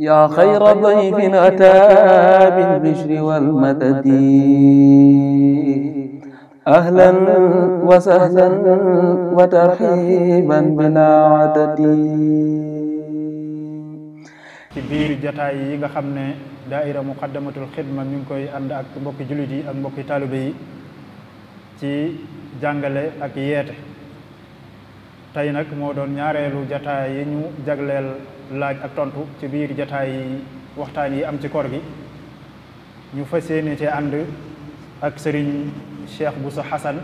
yaa xayra dayfin ataa bil bishri wal madadi ahlan wa sahlan wa tarxiiban bilaa adadi. ci biir jataay yi nga xam ne daaira muqaddamatul xidma mi ngi koy ànd ak mbokki jullit yi ak mbokki taalibe ci jàngale ak yeete tey nag moo doon ñaareelu jataay yi ñu jagleel. laaj ak tontu ci biir jataay waxtaan yi am ci kor gi ñu fa yéene cee ànd ak sëriñ Cheikh Bousso Hassan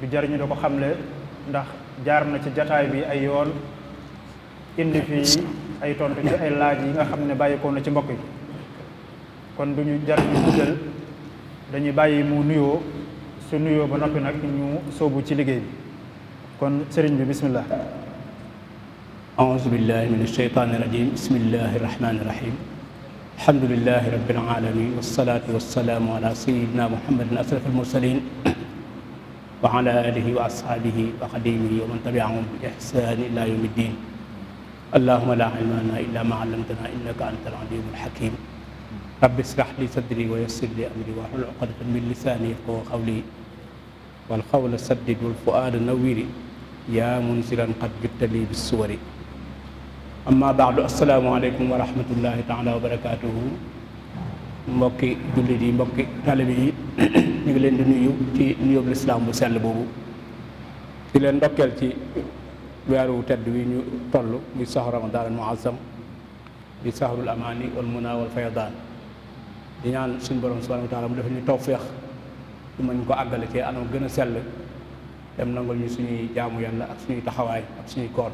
du jariñu da ko xamle ndax jaar na ci jataay bi ay yoon indi fii ay tontu ci ay laaj yi nga xam ne bàyyikoo na ci mbokk yi kon duñu jariñu guddal dañuy bàyyi mu nuyoo su nuyoo ba noppi nag ñu sóobu ci liggéey bi kon sëriñ bi bismillah أعوذ بالله من الشيطان الرجيم بسم الله الرحمن الرحيم الحمد لله رب العالمين والصلاة والسلام على سيدنا محمد أشرف المرسلين وعلى آله وأصحابه وقديمه ومن تبعهم بإحسان إلى يوم الدين اللهم لا علم لنا إلا ما علمتنا إنك أنت العليم الحكيم رب اشرح لي صدري ويسر لي أمري واحلل عقدة من لساني يفقهوا قولي والقول سدد والفؤاد نويري يا منزلا قد جئت لي بالسور amma baadu asalaamaaleykum wa rahmatullahi taala wa barakaatuhu mbokki jullit yi mbokki talibe yi ñu ngi leen di nuyu ci nuyoob lislaam bu sell boobu di leen ndokkeel ci weeru tedd wi ñu toll muy saxru ramadan al muazzam di saxrul amaani wal muna wal di ñaan suñu borom subhanahu wa taala mu dafa ñu tawféex ñu mën ko àggale ci anam gën a sell dem nangul ñu suñuy jaamu yàlla ak suñuy taxawaay ak suñuy koor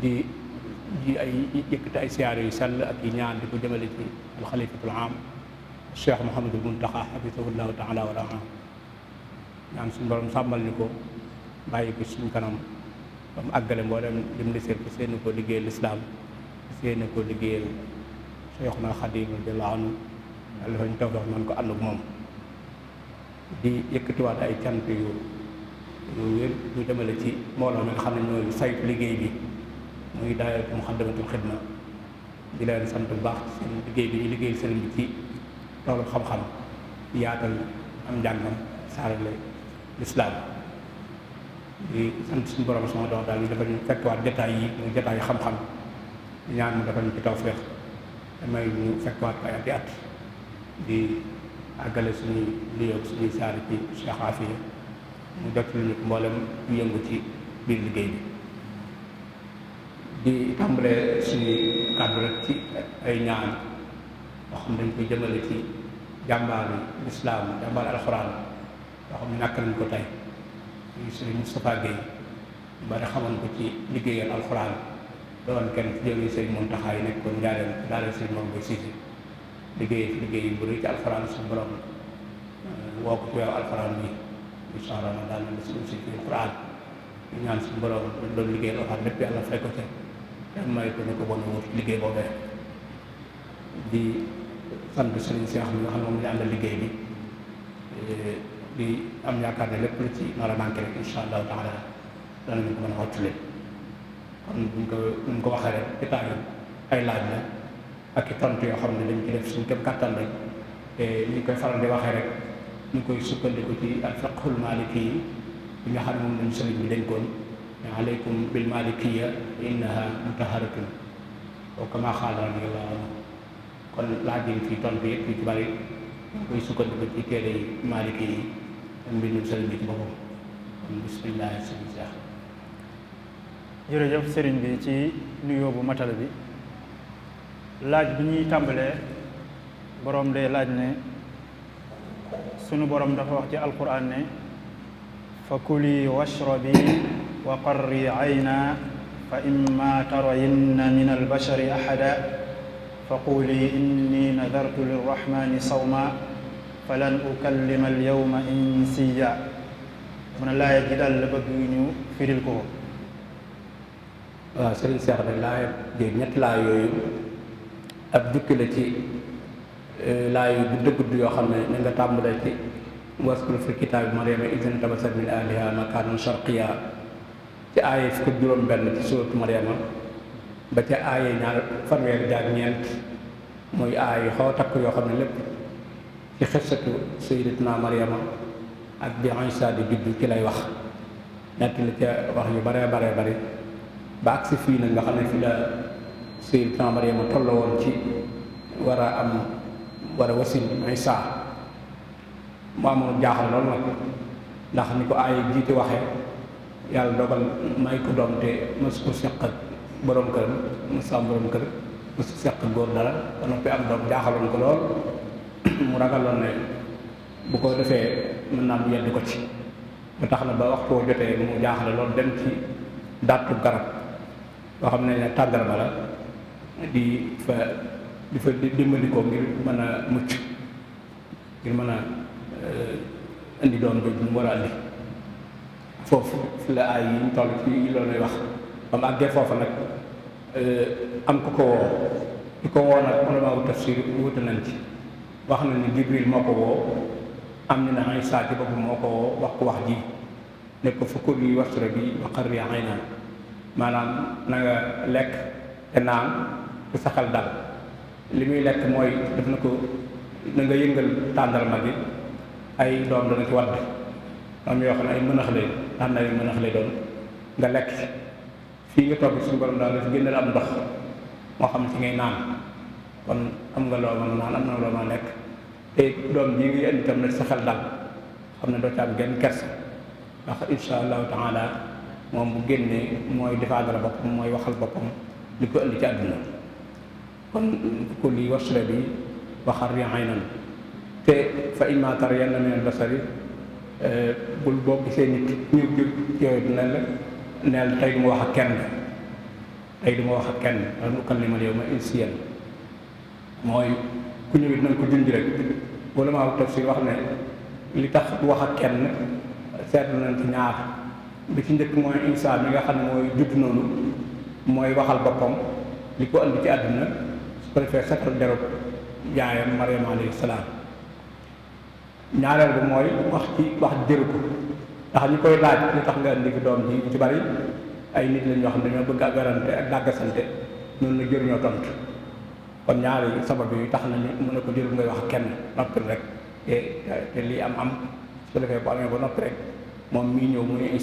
di di ay yëkkati ay siyaare yu sell ak yi ñaan di ko jëmale ci alxalifatul am cheikh Mouhamadul Muntaxa xafisahullahu taala wala am ñaan suñu borom sàmmal ñu ko bàyyi ko suñu kanam ba mu àggale ko séen koo liggéeyal lislaam séen koo liggéeyal cheikhuna xadim radiallahu anhu yàlla fañ tawfeex man ko ànd moom di yëkkatiwaat ay cant yu yu wér ñu jëmale ci mbooloo mi nga xam ne ñooy saytu liggéey bi muy daayira bu Muxaddamatul Xidma di leen sant bu baax seen liggéey bi ñu liggéey sëriñ bi ci toolu xam-xam yaatal am njàngam saarale lislaam di sant suñu borom sama dox daal ñu defal ñu fekkewaat jataay yi muy jataay xam-xam ñaan mu defal ñu ci tawféex damay ñu fekkewaat ko ay ati at di àggale suñuy liyoog suñuy saari ci Cheikh Afia mu jot lu ñu mboolem yëngu ci biir liggéey bi di tàmbalee suñu kàddu rek ci ay ñaan yoo xam dañ koy jëmale ci jàmbaar bi lislaam jàmbaar alxuraan yoo xam ne nàkk nañ ko tey ñu sëriñ Moustapha Gueye bari xamoon ko ci liggéeyal alxuraan doon kenn ci jógee sëriñ Mountakha yi nekk ko njaareem daale sëriñ moom ba siisi liggéey liggéey bu rëy ci alxuraan suñu borom euh, woo ko ci weew alxuraan bi incha allah daal na suñu si alxuraan ñaan suñu borom doon liggéeyal alxuraan lépp yàlla fay ko ca may dana ko bon wut liggéey boobee di sant Serigne Cheikh mi nga xam ne moom la àndal liggéey bi eh, di am yaakaar ne lépp lu ci nar a manqué rek incha allahu taala danañu ko mën a wattu lépp kon buñ ko buñ ko waxee rek état yi ay laaj la ak i tontu yoo xam ne dañ ci def suñ képp kàttan rek te eh, ñu koy faral di waxee rek ñu koy sukkandiku ci al fiqhul maliki yi nga xam ne moom lañ sëriñ bi dénkoon aleykum bil malikiya innaha mutaharatun wa kama xaala radiyallahu anhu kon laaj yi fi tontu yëpp yu ci bari muy sukkandiku ci téere yi maliki yi ak mbindum sëriñ bi ci boppam kon bismillah sëriñ Seex jërëjëf sëriñ bi ci nuyoo bu matal bi laaj bi ñuy tàmbalee boroom day laaj ne sunu boroom dafa wax ci alquran ne fa kuli washrabi wa qarri ayna fa imma tarayinna min albashari ahada فقولي إني نذرت للرحمن صوما فلن أكلم اليوم إنسيا من الله يجدال لبد ñu firil ko waaw sëriñ Seex nag laaya jooyu ñett laay yooyu ab jukki la ci e, laay yu gudd gudd yoo xam ne na nga tàmbalee ci waskul fil kitaabi maryama iz intabazat min ahliha makaanan sharqiyya ci aaye fukk ak juróom benn ci suuratu Mariama ba ca aaye ñaar fanweeri jaag ñeent muy aaye xaw takk yoo xam ne lépp ci xisatu sayyidatuna Mariama ak bi Iisaa di juddu ci lay wax nett ca wax yu bare bare bari ba si fii nag nga xam ne fi la sayyidatuna Mariama tolla woon ci war a am war a wasin Iisaa mu amoon jaaxal loolu nag ndax ni ko aaye jiite waxee yàlla dogal may ko doom te mos ko seq ak kër mos am kër mos seq ak góor dara ba noppi am doom jaaxaloon ko lool mu ragaloon ne bu ko defee mën naa mu yedd ko ci ba tax na ba wax koo jotee mu jaaxle lool dem ci dàttu garab boo xam ne ne tàngal ba la di fa di fa dimbali ko ngir mën a mucc ngir mën a euh, indi doom jooju mu war a andi foofu la ay yi ñu toll fii loolu wax ba mu àggee foofa nag euh, am ku ko woo ku ko woo nag ulama wu tafsir wuute nañ ci wax na ni Jibril moo ko woo am na ne Isaa moo ko woo wax ko ko fa kul yi waxtura bi maanaam lekk te saxal dal li muy lekk mooy def na ko nga yëngal tàndarma bi ay doom dana ci wadd am yoo xam ne ay mënax lay am na ay mënax lay doon nga lekk fii nga toog suñu borom daal daf génnal am ndox moo xam ci ngay naan kon am nga loo mën naan am na loo mën lekk te doom bii ngay indi tam na sa xel dal xam ne doo ci am genn kersa ndax insha allahu taala moom bu génnee mooy defaadal boppam mooy waxal boppam li ko indi ci àdduna kon ku lii wasule bi waxar yaxay nan te fa imma yenn min al basari Euh, bul boo seen nit ñu jub yooyu dina la neel tey du ma wax ak kenn tey du wax ak kenn dax nu kan limal yow ma insiyan mooy ku ñëwit nañ ko junj rek wala ma tafsir wax ne li tax du wax ak kenn seetlu nañ ci ñaar bi ci njëkk mooy insa mi nga xam ne mooy jub noonu mooy waxal boppam li ko andi ci àdduna su ko defee setal derub yaayam mariama alayhi salaam ñaareel bi mooy wax ci wax jëru ko ndax ñu koy laaj li tax nga indi fi doom ji ci bari ay nit lañ ñoo xam ne ñoo bëgg a garante ak dàggasante noonu la jëriñoo tontu kon ñaari sabab yi tax nañu mën a ko jëru ngay wax kenn noppi rek te te lii am am su ko defee bu amee ba noppi rek moom mii ñëw muy ne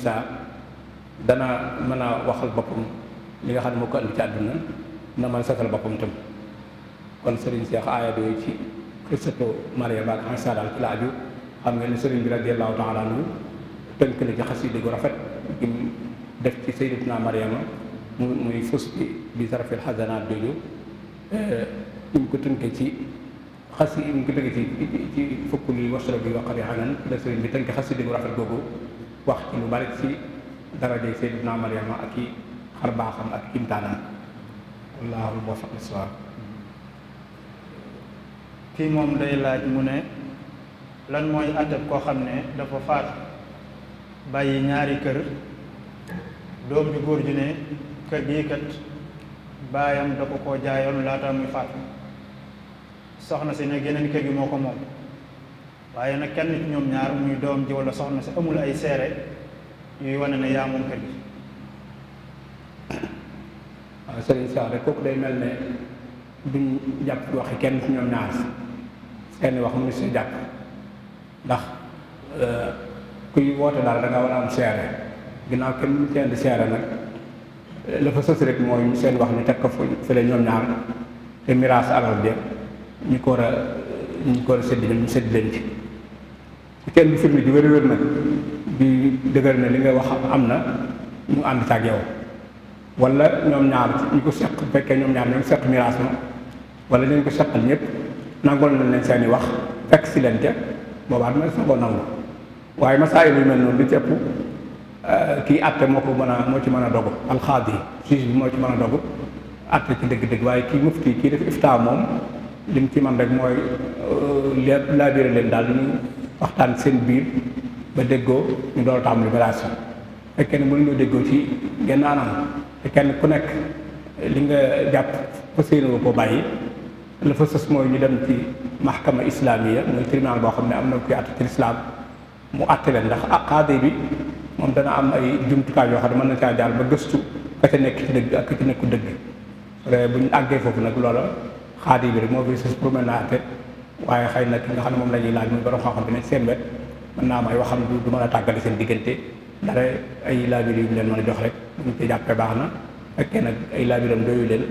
dana mën a waxal boppam li nga xam ne moo ko indi ci àdduna na mën a safal boppam tam kon Serigne Cheikh aaya yooyu ci surtout Mariama ak Isa daal ci la aju xam ngeen ne sëriñ bi radiyallahu taala anhu tënk na ci xasida gu rafet gi def ci sayyidatuna Mariama mu muy fës bi bi xasanaat jooju ñu ko tënkee ci xas yi ñu ko tënkee ci ci fukk luy wasra bi waqari xanan la sëriñ bi tënk xasida gu rafet googu wax ci lu bari ci darajay sayyidatuna Mariama ak i xar baaxam ak kimtaanam wallaahu muwaffiq lis-sawaab fii moom day laaj mu ne lan mooy àtteeb koo xam ne dafa faat bàyyi ñaari kër doom ju góor ju ne kër gii kat baayam da ko koo jaayoon laata muy faat soxna si ne geneen kër gi moo ko moom waaye nag kenn ci ñoom ñaar muy doom ji walla soxna si amul ay seere yuy wane ne yaa moom kër gi waaw sëriñ Saare kooku day mel ne duñ jàpp waxi kenn ci ñoom ñaar seen wax mu si jàpp ndax euh, kuy woote daal da war a am seere ginnaaw kenn mënu seen di seere nag la fa sos rek mooy seen wax ñu teg ko fële ñoom ñaar te miraas alal bi ñu ko war a ñu ko war a sédd ñu sédd leen ci kenn li nga wax am na mu ànd ak yow wala ñoom ñaar ñu ko seq fekkee ñoom ñaar ñoom seq miraas ma wala ñeen ko saqal ñëpp nangol nañ leen seeni wax fekk si leen ca boobaa dama des na ko nangu waaye masaayil yu mel noonu lu ci ëpp euh, kii atte moo ko mën a moo ci mën a dogu alxaadi juge bi moo ci mën a dogu atte waaye kii mufti kii def ifta moom li mu ci man rek mooy euh, laa laabire leen daal ñu waxtaan seen biir ba déggoo ñu doon tàmbali relation fekkee ne mënuñoo déggoo ci genn anam kenn ku nekk li nga jàpp fa séenoo koo bàyyi la fa sës mooy ñu dem ci mahkama islamiya muy tribunal boo xam ne am na kuy àtte ci lislaam mu àtte leen ndax qaadi ah, bi moom dana am ay jumtukaay yoo xam ne mën na caa jaar ba gëstu ka ca nekk ci dëgg ak ci nekku dëgg bu ñu àggee foofu nag loola qaadi bi rek moo fi sës waaye xëy na ki xam ne moom la ñuy laaj muy borom xam-xam bi nekk seen wet mën naa am ay waxam du mën a tàggale seen diggante dara ay laabir yu ñu leen mën a jox rek bu ñu ci jàppee baax na fekkee nag ay laabiram doyu leen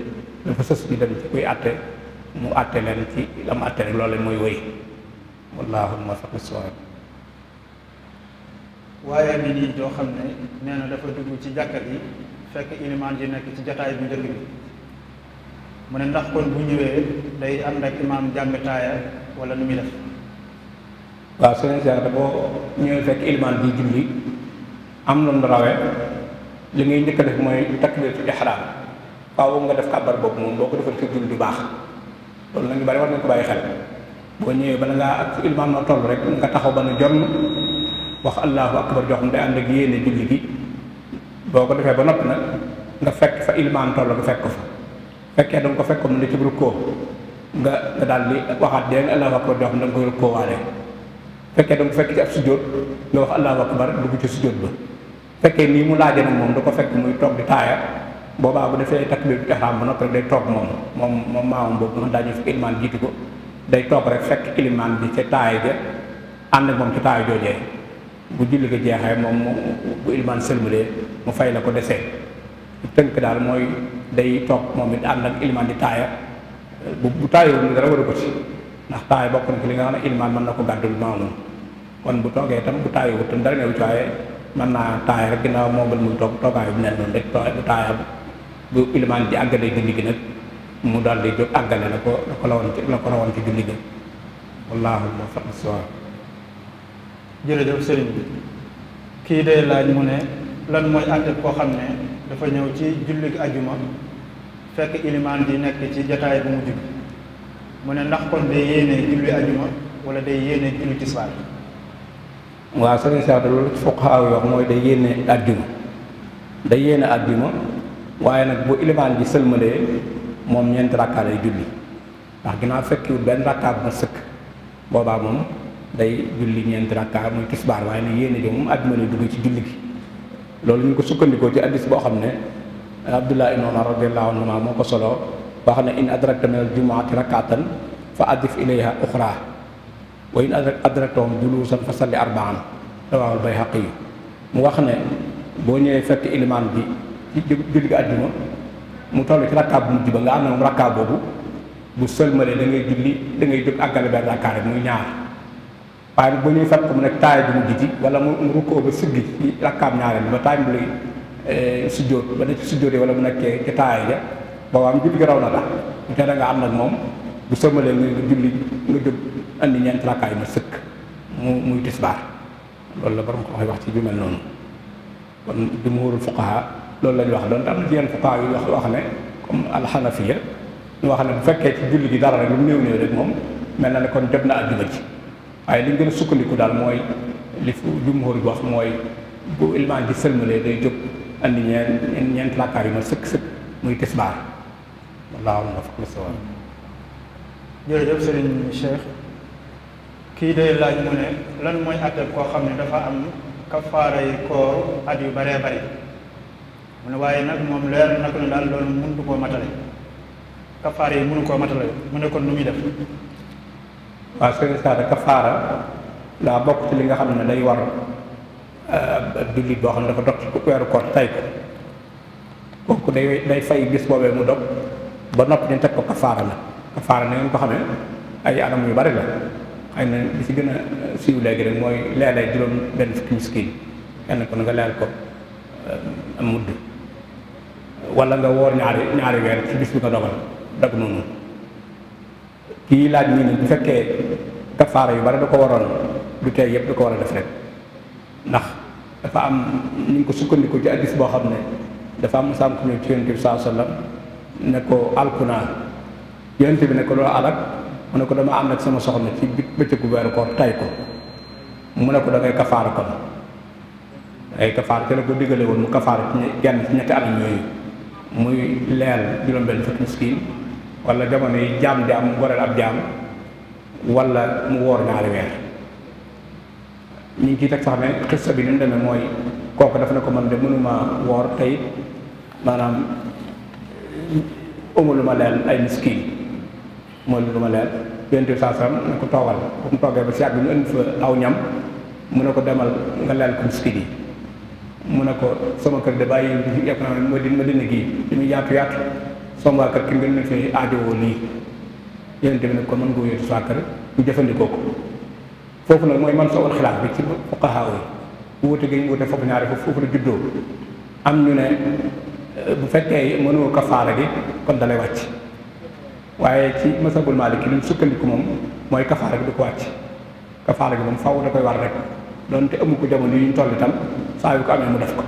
dafa sës ñu dem ci kuy àtte mu àtte leen ci la mu àtte rek loolu mooy wéy wallaahu muwaffiq as waaye ngi nii joo xam ne nee na dafa dugg ci jàkka yi fekk ilimaan ji nekk ci jotaay bu njëkk bi mu ne ndax kon bu ñëwee day ànd ak imaam jàng taaya wala nu muy def waaw su leen seet boo ñëwee fekk ilimaan bi julli am lu mu rawee li ngay njëkk def mooy takbiratul ihraam waaw nga def kàbbar boobu moom boo ko defal ci julli du baax loolu la ñu bari war nañ ko bàyyi xel boo ñëwee bala ngaa ak ilmaam noo toll rek nga taxaw ba nu jonn wax allahu akbar joxam day ànd ak yéene julli gi boo ko defee ba noppi nag nga fekk fa ilmaam toll nga ko fa fekkee da ko fekk mu ne ci rukkoo nga nga daal di waxaat dee nga allahu akbar joxam da nga koy rukkoo waale fekkee da nga ko fekk ci ab sujjóot nga wax allahu akbar dugg ci sujjóot ba fekkee nii mu laaje moom da ko fekk muy toog di taaya boobaa bu defee takbiratul ihraam ba noppi rek day toog moom moom moom maamam boobu noonu daañu fi ilimaan jiitu ko day toog rek fekk ilimaan bi ca taay ja ànd ak moom ca taay joojee bu julli ko jeexee moom mu bu ilimaan sëlmalee mu fay la ko desee tënk daal mooy day toog moom it ànd ak ilimaan di taaya bu bu taayoo ni dara war a ko ci ndax taay bokk na ci li nga xam ne ilimaan mën na ko gàddul maamam kon bu toogee tam bu taayoo tam dara newu ci mën naa taaya rek ginnaaw moom bal muy toog toogaayu bu nen noonu rek bu taaya bu ilimaan di àggale julli gi mu daal di jóg la ko la ko lawoon ci la ko rawoon ci julli gi wallaahu muwaffiq day laaj koo xam ne dafa ñëw ci julli gi ajuma fekk ilimaan ci jataay bu mu jub mu ne ndax kon day wala day yéene julli tisbaar waaw sëriñ Sadio mooy day yéene ajjuma day yéene ajjuma waaye nag bu ilimaan ji sëlmalee moom ñeenti rakkaa lay julli ndax ginnaaw fekkiwul benn rakkaa bu ma sëkk boobaa moom day julli ñeenti rakkaa muy tisbaar waaye nag yéene ji moom àdduna dugg ci julli gi loolu ñu ko sukkandikoo ci addis boo xam ne abdullah ibn umar radiallahu anhuma moo ko solo boo xam ne in adrakta min al jumuati rakatan fa adif ilayha uxra wa in adraktahum julusan fa salli arbaan rawaahu al bayhaqi mu wax ne boo ñëwee bi julli ga àjjuma mu toll ci rakkaat bu mujj ba nga am na moom rakkaat boobu bu sëlmalee da ngay julli da ngay jóg àggale benn rakkaat rek muy ñaar ba ñuy fat ko mu nekk taay bu wala mu rukkoo ba siggi ci rakkaat ñaareel ba taay eh, ba da ci sujjóotee wala mu nekkee ci am julli gi raw na la te da nga am nag moom bu sëlmalee nga julli nga jóg andi ñeent rakkaat yi sëkk mu muy tisbaar loolu la borom ko waxee wax ci bi noonu kon jumhuurul fuqahaa loolu la ñu wax doon tam yenn fuqaa yu wax wax ne comme alxanafiya ñu wax ne bu fekkee ci julli gi dara rek lu mu néew néew moom mel na ne kon jot na àjjuma ji waaye li gën a sukkandiku daal mooy li jumhur bi wax mooy bu ilmaan day jóg andi ñeent ñeent làkkaar yu ma kii day laaj mu mooy àtteeb koo xam ne dafa am kafaara yi koor yu bare bari mu waaye nag moom leer na ko ne daal loolu mënut koo matale kafaara yi mënu koo matale mu ne kon nu muy def. waaw sëriñ Saada kafaara daa bokk li nga xam ne day war euh, jullit boo xam ne dafa dog ci weeru tay ko kooku day fay bis mu dog ba noppi ñu teg ko kafaara la kafaara na ngeen ko xamee ay anam yu bari la xëy na li ci gën a siiw léegi rek mooy leelay juróom benn fukki miskin kenn ko nga leel ko euh, mudd wala nga woor ñaari ñaari weer ci bis bi nga dogal dag noonu kii laaj nii bu fekkee kafaara yu bari da ko waroon du tey yëpp da ko war a def rek ndax dafa am ñu ngi ko sukkandiku ci addis boo xam ne dafa am sànq ñëw ci yonent bi saa sallam ne ko alkunaa yonent bi ne ko loolu mu ne ko dama ànd ak sama soxna ci bëccëgu weeru koor tay ko mu ne ko da ngay kafaara kon ay kafaar la ko diggale woon mu kafaara ci genn ci ñetti at yooyu muy leel juróom-benn fukki miskin wala jamono yi jaam di am goreel ab jaam walla mu woor ñaari weer ñu ngi ciy teg sax ne xista bi ni mu demee mooy kooku daf ne ko man de mënuma woor tey maanaam ma leel ay miskin mooy lu ma leel benn saa sam ne ko toogal bu mu toogee ba si yàgg ñu indi fa aw ñam mu ne ko demal nga leel ko miskin yi mu ne ko sama kër de bàyyi yi yàpp ma din ma dina gii dañuy yaatu yaatu sama waa kër ki ngeen ne fi aajowoo lii yéen tamit nag ko man nga ko yóotu saa kër ñu jëfandikoo ko foofu nag mooy man soo wal xilaaf bi ci fuqahaa yi wuute gi ñu wuute foofu ñaari foofu foofu la juddoo am ñu ne eh, bu fekkee mënoo kafaara gi kon dalay wàcc waaye ci masabul maaliki li mu sukkandiku moom mooy kafaara gi du ko wàcc kafaara gi moom faaw da koy war rek doon te amu ko jamono yi ñu toll tam saa yu ko amee mu def ko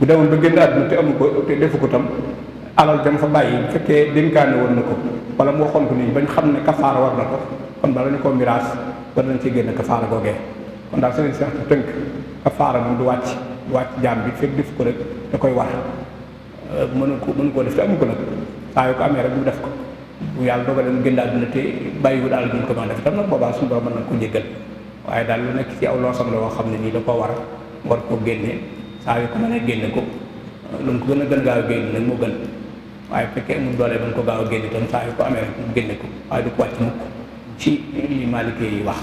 bu demoon ba génn àdduna te amu ko te defu ko tam alal dama fa bàyyi bu fekkee dénkaane woon na ko wala moo waxoon ko nii bañ xam ne kafaara war na ko kon bala ñu koo miraas war nañ ci génn kafaara googee kon daal seen seex tënk kafaara moom du wàcc du wàcc jaam bi fekk def ko rek da koy war euh, mënu ko mënu koo def te amu ko nag saa yu ko amee rek mu def ko bu yàlla dogalee mu génn àdduna te bàyyiwul àll bi ko mën a def tam nag boobaa suñu borom mën na ko jéggal waaye daal lu nekk ci aw loosam la woo xam ne nii da ko war war koo génne saa yu ko mën a génne ko lu mu ko gën a gën gaaw génne nag mu waaye fekkee mu ko gaaw génne tam saa yu ko amee rek génne ko waaye du ko wàcc mukk ci li Malick yi wax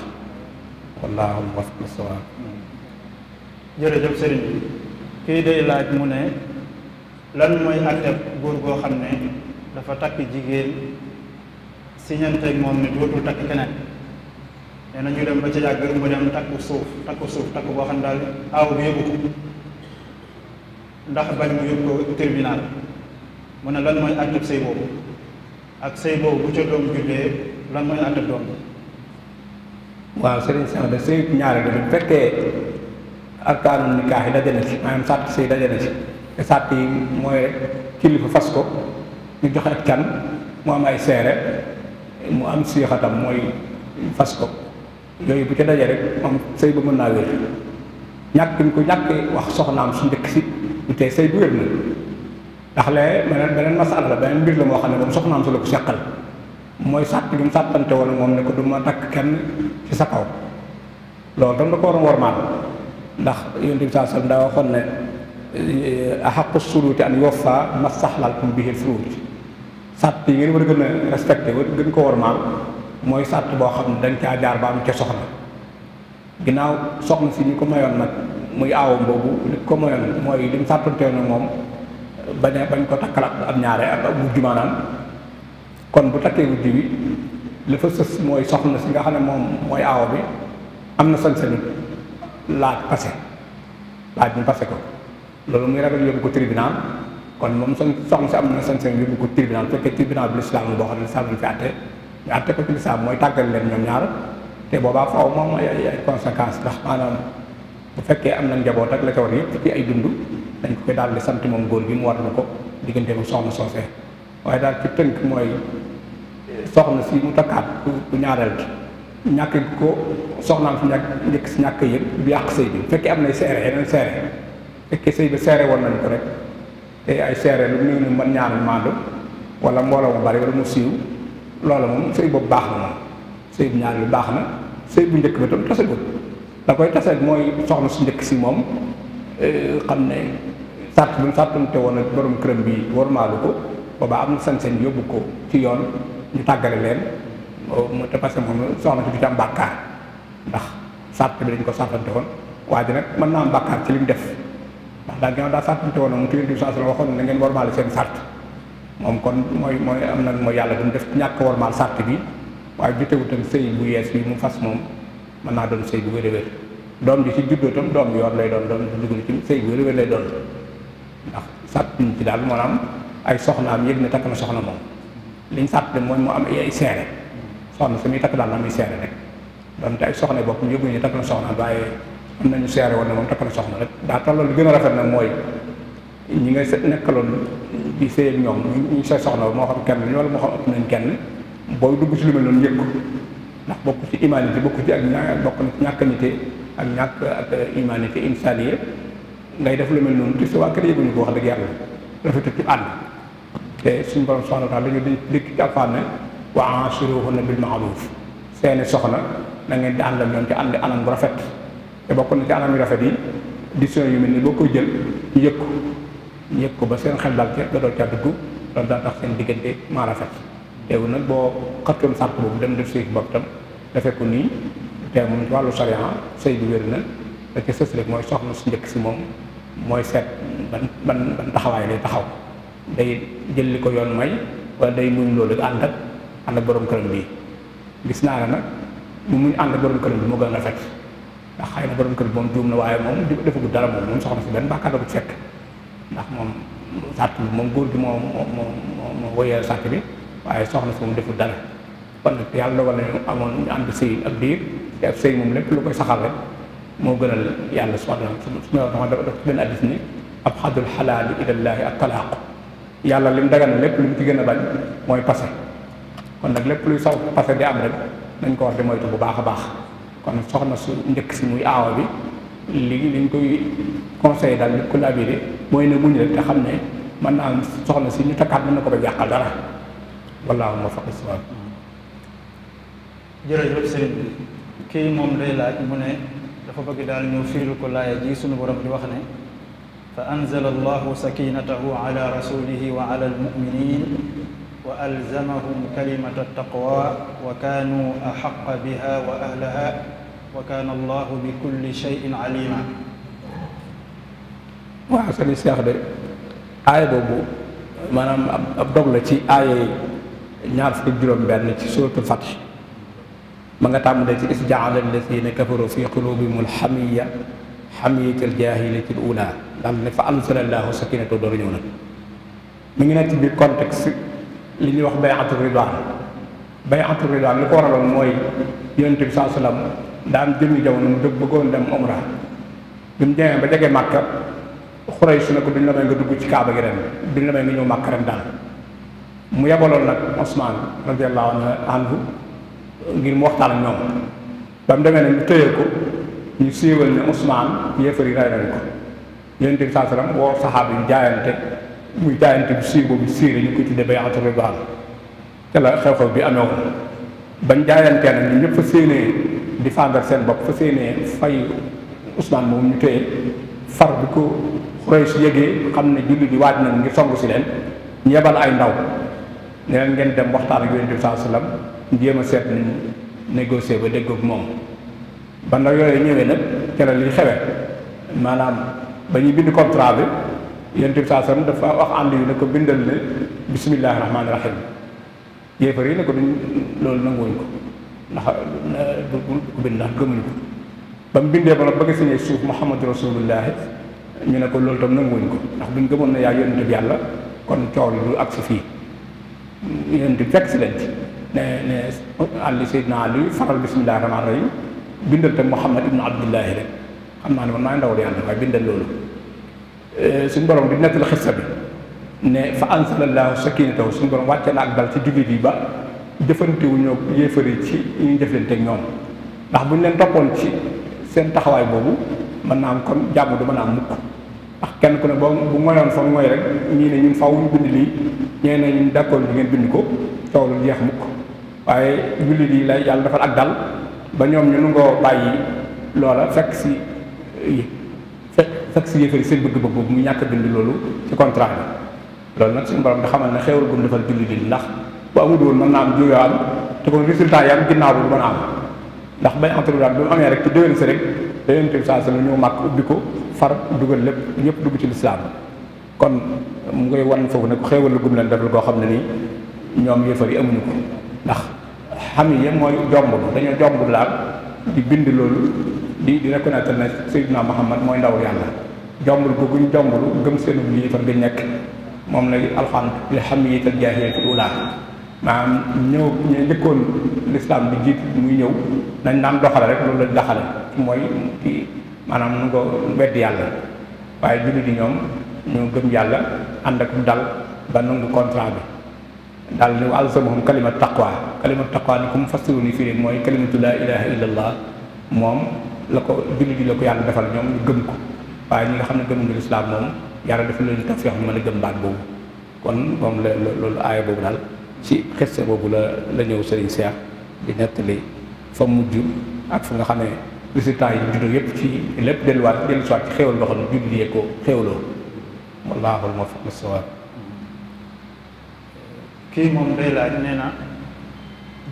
wallaahu wasalaam jërëjëf sëriñ bi kii day laaj mu ne lan mooy àtteb góor goo xam ne dafa takk jigéen siñante ak moom ne dootul takk keneen nee na ñu dem ba ca yàgg mu dem takku suuf takku suuf takku boo xam ne daal aaw bi yóbbu ndax bañ mu yóbbu ko tribunal mu ne lan mooy àtteb sëy boobu ak sëy boobu bu ca doom jullee lan mooy àtteb doom waaw sëriñ Cheikh de sëy ñaare bi bu fekkee arkaanu nikaax yi daje na ci maanaam sàtt sëy daje ci te sàtt yi mooy kilifa fas ko ñu joxe can mu am ay seere mu am siixatam mooy fas ko yooyu bu ca dajee rek moom sëy ba mën naa wér ñàkk ñu ko ñàkkee wax soxnaam su njëkk si du tey sëy bu wér na ndax lee beneen beneen masala la beneen mbir la moo xam ne moom soxnaam su la ko seqal mooy sàtt bi sàttante woon moom ne ko du ma takk kenn sa kaw loolu dam da ko waroon wormaal ndax yonent bi saa sallam waxoon ne eh, axaqu suruuti an yoffa ma saxlal kum bihil furuuti sàtt yi ngeen war a gën a respecté gën ko wormaal mooy sàtt boo xam ne dañ caa jaar ba am ca soxna ginnaaw soxna si ñu ko mayoon nag muy aawam boobu li ko mayoon mooy li mu sàttanteewoon nag moom bañ bañ ko takkal ab ñaare ak ab wujj maanaam kon bu takkee wujj bi la fa sës mooy soxna si nga xam ne moom mooy aaw bi am na sañ-sañu laaj passé laaj ñu passé ko loolu muy ragal yóbbu ko tribunal kon moom sañ soxna si am na sañ-sañu yóbbu ko tribunal fekkee tribunal bu lislaam boo xam ne lislaam fi àtte atte ko mooy tàggal leen ñoom ñaar te boobaa faaw moom ay ay conséquence ndax maanaam bu fekkee am na njaboot ak la ca war yëpp ci ay dund dañ ko koy daal di sant moom góor bi mu war na ko diggante mu soxna soosee waaye daal ci tënk mooy soxna si mu takkaat bu ñaareel gi ñàkk ko soxnaam si ñàkk njëkk si ñàkk yëpp bu yàq sëy bi bu fekkee am nay seere yeneen seere fekkee sëy bi seere woon nañ ko rek te ay seere lu néew ni mën ñaanal maandu wala mbooloo mu bari wala mu loola moom sëy boobu baax na moom sëy bu ñaar bi baax na sëy bu njëkk ba tam tasagut la koy taseeg mooy soxna su njëkk si moom eh, xam ne sàrt bu sàrtante woon ak borom këram bi warmaalu ko boobaa am na sañ-sañ yóbbu ko ci yoon ñu tàggale leen oh, mu te parce que moom soxna si du ci ndax sàrt bi dañ ko sàrtante woon waa ji nag mën naa am bàkkaar ci li mu def ndax daal ginnaaw daa sàrtante woon moom ci yéen di saa waxoon na ngeen warmaale seen sàrt moom kon mooy mooy am na moo yàlla duñ def ñàkk warmaal sàrt bi waaye jotewut ak sëy bu yees bi mu fas moom mën naa doon sëy bu wér a wér doom ji ci juddoo tam doom bi yoon lay doon doom bi dugg ci sëy bu wér a wér lay doon ndax sàtt ñu ci daal am ay soxnaam yëg ne takk na soxna moom liñ sàtt mooy mu am ay seere soxna su muy takk daal na muy seere rek donte ay ñu yëguñu takk na soxna waaye am nañu seere woon ne moom takk na soxna rek daa tolloo lu gën a rafet nag mooy ñi nga nekkaloon di sëyeeg ñoom ñu sa soxna moo xam kenn lañ wala moo xam ëpp nañ kenn boo dugg ci lu mel noonu yëg ko ndax bokk ci imanité bokk ci ak ñaar bokk ci ñàkk nité ak ak imanité insaniye ngay def lu mel noonu si waa kër yëguñu ko wax dëgg yàlla rafetu ci ànd te suñu borom soxna dañu di dikk ci alfaan ne wa ansiruhunna bil ma'ruf seeni soxna na ngeen di ànd ak ñoom ci ànd anam bu rafet te bokk na ci anam yu rafet yi di décision yu mel ni boo koy jël ñu ko ñu ko ba seen xel dal ca nga doon caa dugg loolu daa tax seen diggante maa rafet teewul nag boo xëccoon sàpp boobu dem def sëy bopp tam dafa ko nii te moom ci wàllu na da ca sës rek mooy soxna su njëkk si moom mooy seet ban ban taxawaay lay taxaw day jël li ko yoon may wala day muñ loolu ànd ak ànd ak borom këram bi gis naa ne nag mu gën a rafet ndax xëy na moom moom defagu dara moom moom soxna si benn bàkkaar la ko fekk ndax moom sàpp moom góor gi moo moo moo moo woyal sàpp bi waaye soxna si moom deful dara kon yàlla dogal nañu amoon ñu ànd sëy ak diir sëy moom lépp lu koy saxal rek moo gënal yàlla subhana suñu wax dafa def benn addis ni ab xadul xalaali ilallaahi ak yàlla li mu dagan lépp lu mu ci gën a bañ mooy passé kon nag lépp luy saw passé di am rek dañ ko wax di moytu bu baax a baax kon soxna su njëkk si muy aawa bi léegi liñ koy conseillé daal nit ko labiré mooy ne muñ rek te xam ne mën naa am soxna si ñu takkaat mën na ko ba jàqal dara wallaahu ma faq istiwaab jërëjëf sëriñ bi kii moom day laaj mu ne dafa bëgg daal ñëw fiiril ko laaya ji suñu borom di wax ne fa anzala allahu sakinatahu ala rasulihi wa ala almuminin wa alzamahum kalimata taqwa wa kaanu axaqa biha wa ahlaha wa kaana allahu bi kulli shay'in alima waaw sëñ Cheikh de aaya boobu maanaam ab dog la ci aaya ñaar fukki juróom-benn ci suuratul Fath ma nga tàmbalee ci is jaala allazina kafaru fi qulubihim alxamiya xamiyatal jaahiliyati al ula daal ne fa anzala allahu sakinatahu dooru ñëw nag mi ngi nekk ci biir contexte li ñuy wax bay'atu ridwaan bay'atu ridwaan li ko waraloon mooy yonent bi saa salaam daa am jëmmi jamono mu dëgg bëggoon dem omra bi mu demee ba jege màkka xuray su ne ko duñ la may nga dugg ci kaaba gi ren duñ la may nga ñëw màkka ren daal mu yebaloon nag Osman radiallahu anhu ngir mu waxtaan ak ñoom ba mu demee ne ñu tëye ko ñu siiwal ne Osman yéefar yi rey nañ ko yonent bi saa salaam woo saxaaba yi jaayante muy jaayante bu siiw boobu siire ñu ko tudde bay'atu ridwaan te la xew-xew bi amee woon bañ jaayantee nag ñu ñëpp fa défendre seen bopp fa séenee fay Ousmane moom ñu téye far bi ko Quraysh yëgee xam ne julli di waaj na ngir songu si leen ñu yebal ay ndaw ne leen ngeen dem waxtaan ak Yonent bi saa sallam jéem a seet ni négocier ba déggoog moom ba ndaw yooyu ñëwee nag cere li xewee maanaam ba ñuy bind contrat bi Yonent bi saa sallam dafa wax ànd yi ne ko bindal ne bismillaahi rahmaani rahim yéefar yi ne ko duñ loolu nanguwuñ ko ndax bu ko bind ndax gëmuñu ko ba mu bindee ba nag bëgg sañee suuf muhammadu rasulullahi ñu ne ko loolu tam nanguwuñ ko ndax buñ gëmoon na yaa yonent bi yàlla kon coow lu ak si fii yonent bi fekk si leen ci ne ne àlli sayyidina ali faral bismillahi rahmaan rahim bindal tam muhammad ibnu abdullahi rek xam naa ne man maay ndawal yàlla eh, suñ borom di nettali xissa bi ne fa ansalallahu sakinatahu suñu borom wàcce na ak dal ci jullit yi ba jëfantewuñoo yéefar yi ci ñuy jëflanteeg ñoom ndax bu ñu leen toppoon ci seen taxawaay boobu mën naa am kon jàmm du mën a am mukk ndax kenn ku ne boo bu moyoon fa mooy rek ñii ne ñu bind lii ñee ne ñun bi ngeen bind ko coow lu waaye jullit yi la yàlla defal ak dal ba ñoom ñu nangoo bàyyi loola fekk si yi fekk si yéefar yi seen bëgg-bëgg boobu mu ñàkk bind loolu ci contrat bi loolu nag suñu borom da xamal ne xéewal bu mu defal jullit yi ndax bu amul woon mën naa am jiw am te kon résultat yi am ginnaaw bi a am ndax bañ entreprenariat bi mu amee rek ci déwén si rek déwén tamit saa si la ñëw màkk ubbi ko far dugal lépp ñëpp dugg ci lislaam kon mu ngay wan foofu nag xéewal la gum leen defal koo xam ne nii ñoom yéefar yi amuñu ko ndax xam yi mooy jombul dañoo jombul laal di bind loolu di di reconnaître ne Seydina Muhammad mooy ndaw yàlla jombul bu ñu jombul gëm seenu yéefar bi nekk moom la alxam li xam yi te jaahil ci maanaam ñëw ñu njëkkoon lislaam bi jiit muy ñëw dañ naan doxale rek loolu lañ doxale mooy ci maanaam nu ko weddi yàlla waaye jullit di ñoom ñoo gëm yàlla ànd ak dal ba nangu contrat bi daal ni alzamahum kalima taqwa kalima taqwa ni ko mu fassiru ni mooy kalimatu laa ilaha illallah moom la ko jullit yi la ko yàlla defal ñoom ñu gëm ko waaye ñi nga xam ne gëmuñu lislaam moom yàlla dafa leen tafeex ñu mën a gëm baat boobu kon moom la loolu aaya boobu ci xeste boobu la la ñëw Serigne Cheikh di nettali fa mujj ak fa nga xam ne résultat yi juddoo yépp ci lépp delluwaat dellusiwaat ci xéwal loxo ni julli yee ko xéwloo wallaahu ma fa kii moom day laaj nee na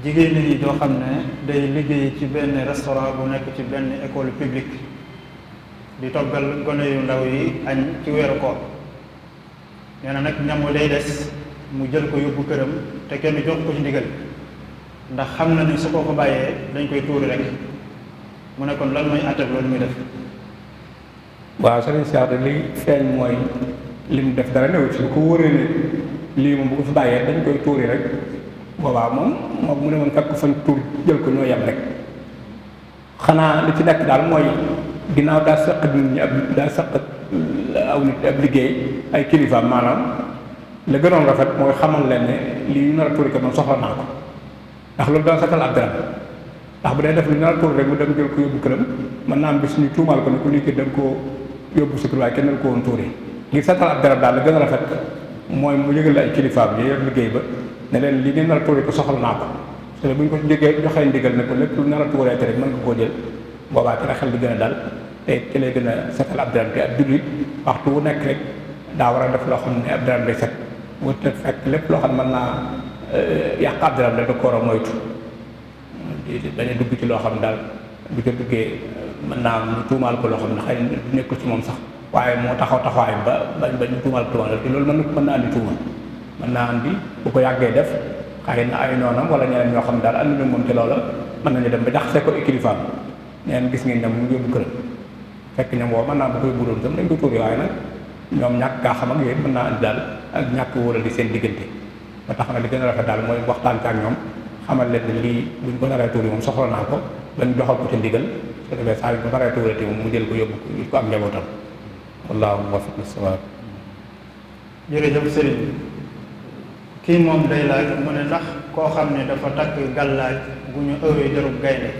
jigéen ñi doo xam ne day liggéey ci benn restaurant bu nekk ci benn école publique di toggal gone yu ndaw yi añ ci weeru ko nee na nag ñamu day des mu jël ko yóbbu këram te kenn jox ko ci ndigal ndax xam na ne su ko ko bàyyee dañ koy tuuri rek mu ne kon lan mooy àttab loolu muy def waaw sëriñ Cheikh de li feeñ mooy li mu def dara néew ci lu ko wóoree ne lii moom bu fi bàyyee dañ koy tuuri rek boobaa moom moom mu ne moom fekk fan tuur jël ko ñoo yem rek xanaa li ci nekk daal mooy ginnaaw daa sëq nit ñi ab daa sëq aw nit ab liggéey ay kilifaam maanaam la gënoon rafet mooy xamal leen ne lii ñu nar a tuuri ko man soxla naa ko ndax loolu daan satal ab dara ndax bu dee def lu ñu nar a tuuri mu dem jël ko yóbbu këram naa am bis ñu tuumaal ko ne ku liggéey da nga koo yóbbu kenn ko woon tuuri ngir satal ab dara daal gën a rafet mooy mu yëgal la ay kilifaam yi liggéey ba ne leen lii ñu nar a tuuri ko soxla naa ko te bu ñu ko jógee joxee ndigal ne ko lépp lu nar a tuuree te rek mën nga koo jël boobaa te xel di gën a dal te te lay gën a satal ab dara te ab waxtu wu nekk rek daa war a def loo xam ne ab dara set wut te fekk lépp loo xam ne naa yàqaat dara dañ ko war a moytu dañu dugg ci loo xam ne daal bu ca duggee euh, mën naa am tuumaal ko loo xam ne xëy du nekkul ci moom sax waaye moo taxaw taxawaay ba ba ba ñu tuumaal ko tuumaal te loolu mën na mën naa andi man mën naa andi bu ko yàggee def xëy na ay noonam wala ñeneen ñoo xam daal ànd na moom ci loola mën nañu dem ba jaxase ko kilifaam neen gis ngeen ñoom mu yóbbu këram fekk ñoom woo mën naa bu koy buróon sam dañ ko tuuri ñoom ñàkk kaa xam ak yooyu naa daal ak ñàkk wóoral di seen diggante ba tax na li gën a rafet daal mooy waxtaan ak ñoom xamal leen ne lii buñ ko naree tuuri moom soxla naa ko bañ doxal ko ci ndigal su defee saa yu ko naree tuurati moom mu jël ko yóbbu ko am njabootam wallaahu muwaffiq lis-sawaab moom day laaj mu ne koo xam ne dafa takk gàllaaj bu ñu ëwee jarub gaynde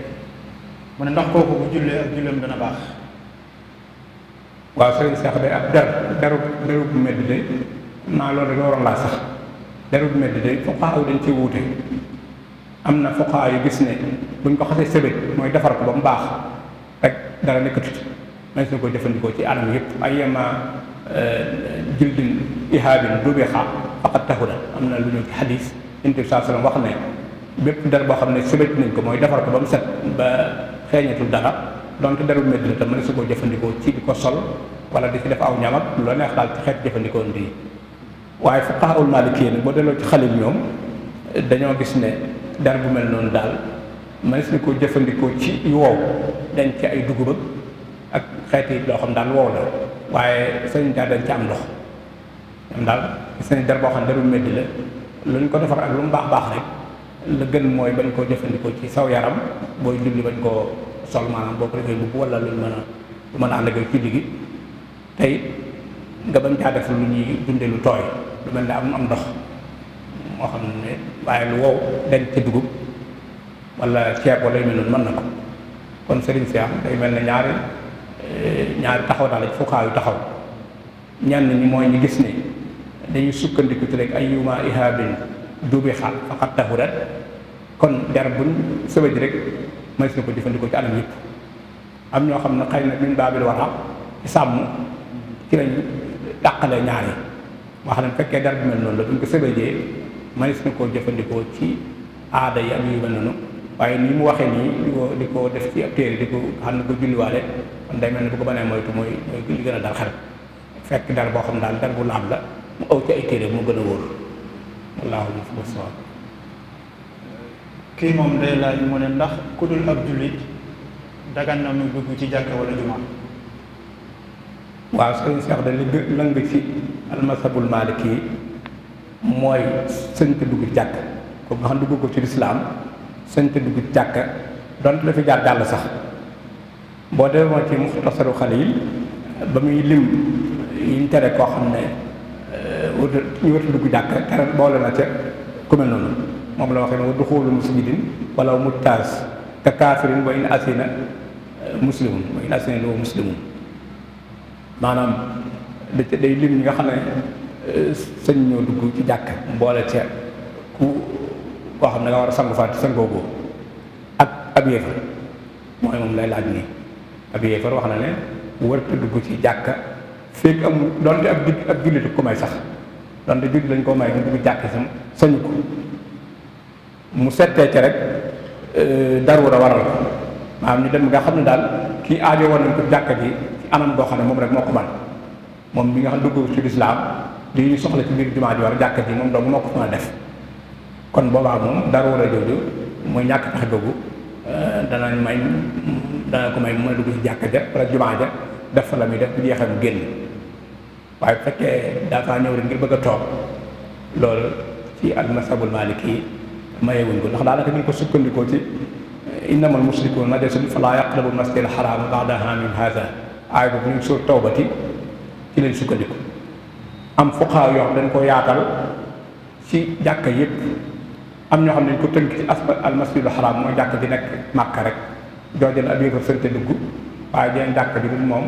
mu ne ndax kooku bu jullee ak julleem Seex day ab der derub medd de naa loolu rek waroon laa sax darut medd day fuqaaw dañu ci wuute am na fuqaa yu gis ne buñ ko xasee sëbét mooy defar ko ba mu baax rek dara nekkatu ci nañ suñu ko jëfandikoo ci anam yëpp ay yema euh, jildin ihaabin duubi xaar faqat taxu da am na lu ñu ci xadis yonent bi ne bépp dara boo xam ne sëbét nañ ko mooy defar ko ba mu set ba xeeñatul dara donte darul medd la te mën su ko jëfandikoo ci ko sol wala di ci def aw ñamat loo neex daal ci xeet jëfandikoo ndi waaye fuqahaul maalikiyya nag boo delloo ci xalil ñoom dañoo gis ne dar bu mel noonu daal mënees na koo jëfandikoo ci yu wow dañ ci ay dugub ak xeeti loo xam daal wow la waaye sëñ daal dañ ci am ndox am daal gis nañ dar boo xam ne daru meddi la lu ñu ko defar ak lu mu baax baax rek la gën mooy bañ koo jëfandikoo ci saw yaram booy julli bañ koo sol maanaam boo ko defee mbubb wala lu mën a lu mën a ànd ak julli gi tey nga bañ caa def lu ñuy dunde lu tooy lu mel na am am ndox moo xam ne waaye lu wow dañ ci dugub wala ceeb wala yu mel noonu mën na ko kon Serigne Cheikh day mel ne ñaari eh, ñaari taxaw daal fukkaayu taxaw ñenn ñi mooy ñu gis ne dañuy sukkandiku rek ay yuma ihabin duubi xaal faqat tahurat kon der buñ sëbëj rek mën si jëfandikoo ci am ñoo xam ne xëy na min baabil wara ci sàmm ci lañ tàqale ñaari wax na ne fekkee dara bu mel noonu la duñ ko sëbëjee manis na koo jëfandikoo ci aada yi ak yu mel noonu waaye ni mu waxee nii di ko def ci ab téere di ko xam na ko julliwaale kon day mel ne bu ko banee moytu mooy mooy li gën a dal xel fekk dara boo xam daal dara bu laab la mu aw ci ay téere moo gën a wóor wallaahu musaw kii moom day laaj mu ne ndax ku dul ab jullit dagan na mu dugg ci jàkka wala jumaa waaw sëñ Cheikh da li lëng ci almasabul maliki yi mooy sëñ te dugg jàkk ko nga xam dugg ko ci lislaam sëñ dugg jàkk dont la jaar jàll sax boo demoon ci muxtasaru xalil ba muy lim yiñ tere koo xam ne euh, wut ñu wut dugg boole na ca ku mel moom la waxee ne du xoolu musjidin wala mu taas ka kaafirin wa in asina euh, muslimun wa in asina loo muslimun maanaam da ca day lim ñi nga xam ne eh, sëñ ñoo dugg ci jàkk boole ca ku koo xam ne nga war a sangu fàtte sangoo ko ak ab yéefar mooy moom lay laaj nii ab yéefar wax na ne warta dugg ci jàkk fekk amul donte ak jullit ab jullit ko may sax donte jullit lañ koo may mu dugg jàkk sam sañu ko mu settee ca rek eh, daruura waral ko maanaam ñu dem nga xam ne daal kii aajoo woon nañ ko jàkk ji anam goo xam ne moom rek moo ko man moom bi nga xam dugg ci lislaam li ñu soxla ci biir jumaa ji wala jàkk ji moom dong moo ko mën a def kon boobaa moom dara war a jooju muy ñàkk tax googu euh, danañ may danañ ko may mu mën a dugg ci jàkka ja wala jumaa ja def fa la muy def bu jeexee mu génn waaye bu fekkee daafaa ñëw rek ngir bëgg a toog loolu ci almasabul maaliki yi mayewuñ ko ndax daanaka ñu ko sukkandikoo ci innamal musrikuuna najasun falaa yaqrabu masjidal xaraama ba'da aamin haazaa aay boobu ñu ngi sóor tawbati ci lañ sukkandiku am fuqaa yoo xam dañ ko yaatal ci jàkka yépp am ñoo xam ne dañ ko tënk ci asma al masjidul mooy jàkk ji nekk màkka rek joojal ab yéefar sënte dugg waaye jeneen jàkk ji dul moom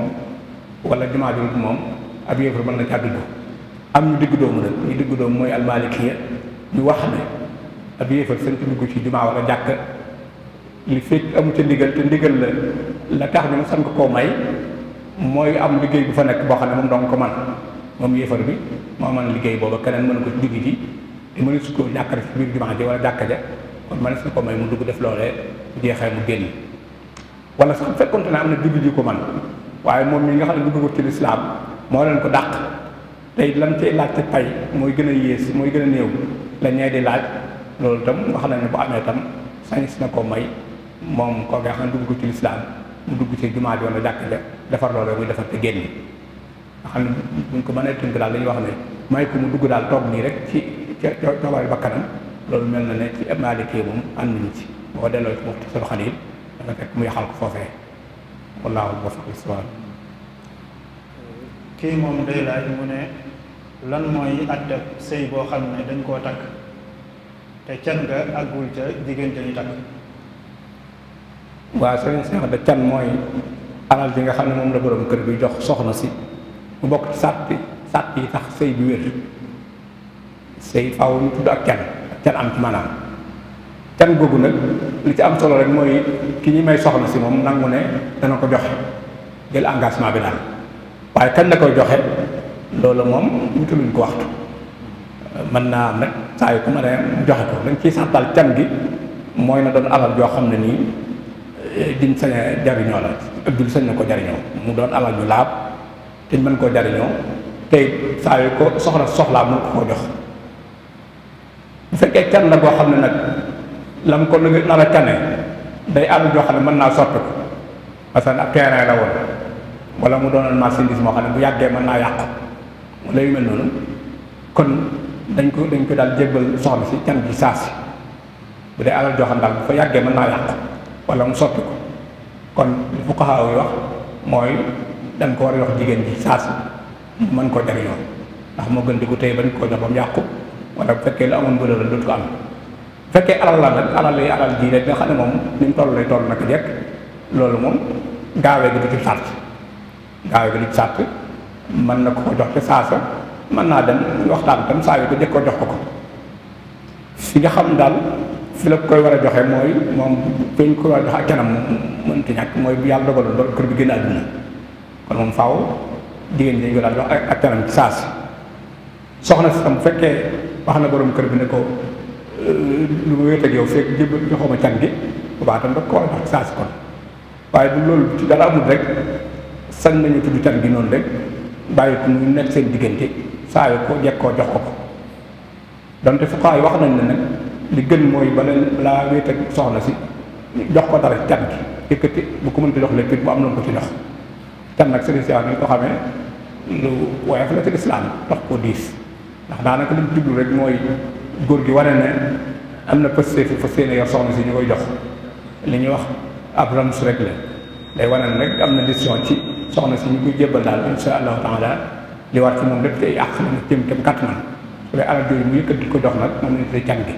wala jumaa ji dul moom ab yéefar mën na caa dugg am ñu diggu doomu nag ñu diggu doomu mooy almalikiya ñu wax ne ab yéefar sënte dugg ci jumaa wala jàkk li fekk amu ca ndigal te ndigal la la tax ñu san ko koo may mooy am liggéey bu fa nekk boo xam ne moom dong ko man moom yéefar bi moo man liggéey booba keneen mënu ko dugg ci te mënu su ko ñàkk ci biir jumaa ji wala jàkka ja kon mënees na ko may mu dugg def loolee bu jeexee mu génn wala sax fekkonte ne am na dugg ko man waaye moom mi nga xam ne duggagul ci lislaam moo leen ko dàq tey lan cay laajte pay mooy gën a yées mooy gën a néew la ñee di loolu itam wax nañ ne bu amee itam sañis na ko may moom koo nga xam ne duggagul ci lislaam mu dugg ci jumaa joon jàkk ja defar loolu muy defar te génn nga xam ne buñ ko mën a tënk daal dañuy wax ne may ko mu dugg daal toog nii rek ci ca ba bakkanam loolu mel na ne ci maalikee moom ànd nañu ci boo delloo ci Muxtasar Xaliil dafa fekk mu yaxal ko moom day laaj mu ne lan mooy àtteb sëy boo xam ne dañ koo takk te can nga àggul ca jigéen dañu takk waa sëriñ Cheikh da can mooy alal ji nga xam ne moom la borom kër bi jox soxna si mu bokk ci sàtt sàtt yi tax sëy bi wér sëy faaw ñu tudd ak can ak can am ci maanaam can googu nag li ci am solo rek mooy ki ñi may soxna si moom nangu ne dana ko joxe jël engagement bi daal waaye kan la koy joxe loolu moom wutaluñ ko waxtu mën naa am nag saa yu ko ma ne joxe ko dañ ciy sàttal can gi mooy na doon alal joo xam ne nii diñ sañ jariñoo la ab jul sañ na ko jariñoo mu doon alal ju laab te mën koo jariñoo tey saa yu ko soxla soxlaa mën ko koo jox bu fekkee can la boo xam ne nag la ko lu na a cane day àll joo xam ne mën naa sotti ko parce que ab terrain la woon wala mu doonoon marchandise moo xam ne bu yàggee mën naa yàqu wala yu mel noonu kon dañ ko dañ ko daal jébbal soxla si can bi saasi bu dee alal joo xam daal bu fa yàggee mën naa yàqu wala mu soppi ko kon li fuqahaa yi wax mooy dañ ko war a wax jigéen ji saas mën koo jariñoo ndax moo gën di ko tey bañ koo jox ba mu yàqu wala bu fekkee lu amoon bële la dootu ko am fekkee alal la nag alal lay alal rek moom ni mu toll lay toll nag jekk loolu moom gaawee gi du ci sàtt gaawee gi du ci sàtt mën na ko ko jox te saasa mën naa dem waxtaan tam saa yu ko jëkkoo jox ko ko fi nga xam daal fi la koy war a joxe mooy moom fi ñu koy war a joxe ak canam moom mënut a ñàkk mooy bu yàlla dogaloon ba kër bi gën a àdduna kon moom faaw jigéen ñi dañu jox ak canam saas soxna si tam fekkee wax na borom kër bi ne ko euh, lu wéet can gi bu baax tam da ko war a jox ci saas kon waaye bu loolu ci dara amul rek sañ nañu tudd can gi noonu rek bàyyi ko mu nekk seen diggante saa yu ko koo jox ko ko donte fuqaa yi wax nañ ne nag. li gën mooy bala laa wéet ak soxna si jox ko dara cat gi yëkkati bu ko mënta jox lépp it bu am loon ko ci jox cat nag sëriñ Cheikh ni ko xamee lu woyof la ci lislaam tax koo ndax daanaka li mu jublu mooy góor gi wane ne am na pëste fi séene soxna si ñu koy jox li ñuy wax ab rams rek la day wane ne rek am na décision ci soxna si ñu koy jébbal daal insha allahu taala li war ci moom lépp tey àq na jëm kem kàttanam su dee alal jooju mu yëkkati ko dox nag moom lañ tuddee can gi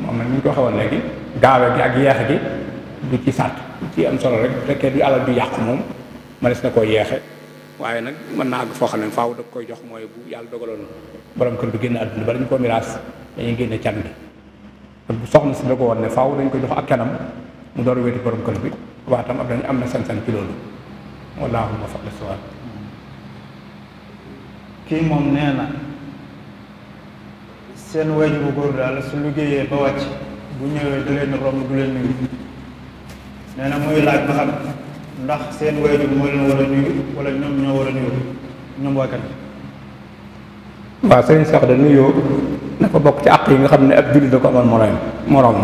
moom nag ñu ko waxee woon léegi gaawe gi ak yeexe gi du ci sàtt ci am solo rek bu fekkee du alal du yàqu moom mënees na koo yeexe waaye nag mën naa ak foo xam ne faaw da koy jox mooy bu yàlla dogaloon borom kër bi génn àdduna ba dañu ko miraas dañuy génne can bi kon bu soxna si da ko woon ne faaw dañ koy jox ak canam mu door wéeti borom kër bi waaw tam ab dañu am na sañ-sañ ci loolu wallaahu ma faq la kii moom nee na seen waajur bu góor daal su liggéeyee ba wàcc bu ñëwee du leen romb du leen nuyu nee na muy laaj ba xam ndax seen waajur moo leen war a nuyu wala ñoom ñoo war a nuyu waa kan waaw sëriñ sax da nuyoo dafa bokk ci àq yi nga xam ne ab jullit da ko amal moroom moroom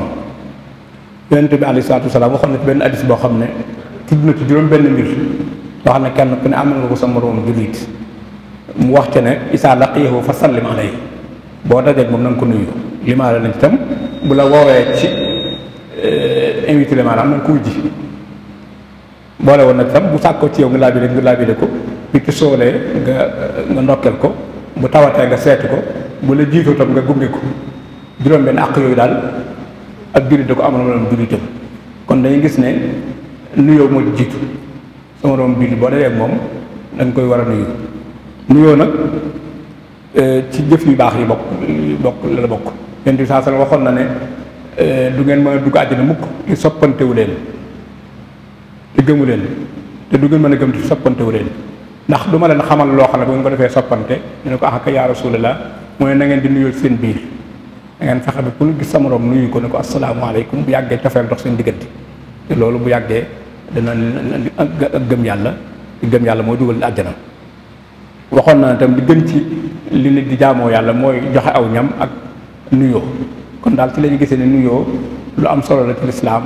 yonent bi aleyhi ci benn addis boo xam ne tudd na ci juróom benn mbir kenn ku ne amal nga ko sa moroom jullit mu wax ci ne isaa laqiyahu fa sallim alayhi boo dajeeg moom na ko nuyu limaale nañ itam bu la woowee ci eh, invité limaale am na nga ko wujji boole woon nag tam bu sàkkoo ci yow nga laabile nga laabile ko bi ci soolee nga nga ndokkeel ko bu tawatee nga seetu ko bu la jiitoo tam nga gunge ko juróom benn àq yooyu daal ak jullit da ko amoon moom jullitam kon dañuy gis ne nuyoo moo jiitu sama doom jullit boo dajee moom da koy war a nuyu nuyoo nag ci jëf yu baax yi bokk bokk la la bokk yonent bi saa sallam waxoon na ne eh, du ngeen moo a dugg àjjana mukk te soppantewu leen te gëmu leen te du ngeen mën a gëm te soppantewu leen ndax du ma leen xamal loo xam ne bu ngeen ko defee soppante ñu ne ko axaka ah, yaa rasulallah mu ne na ngeen di nuyoo seen biir da ngeen fexe ba ku ñu gis sa morom nuyu ko ne ko asalaamaaleykum bu yàggee cofeel dox seen diggante te loolu bu yàggee dana ak gëm yàlla gëm yàlla moo dugal àjjana li nit di jaamoo yàlla mooy joxe aw ñam ak nuyoo kon daal ci la ñu gisee nuyoo lu am solo la ci lislaam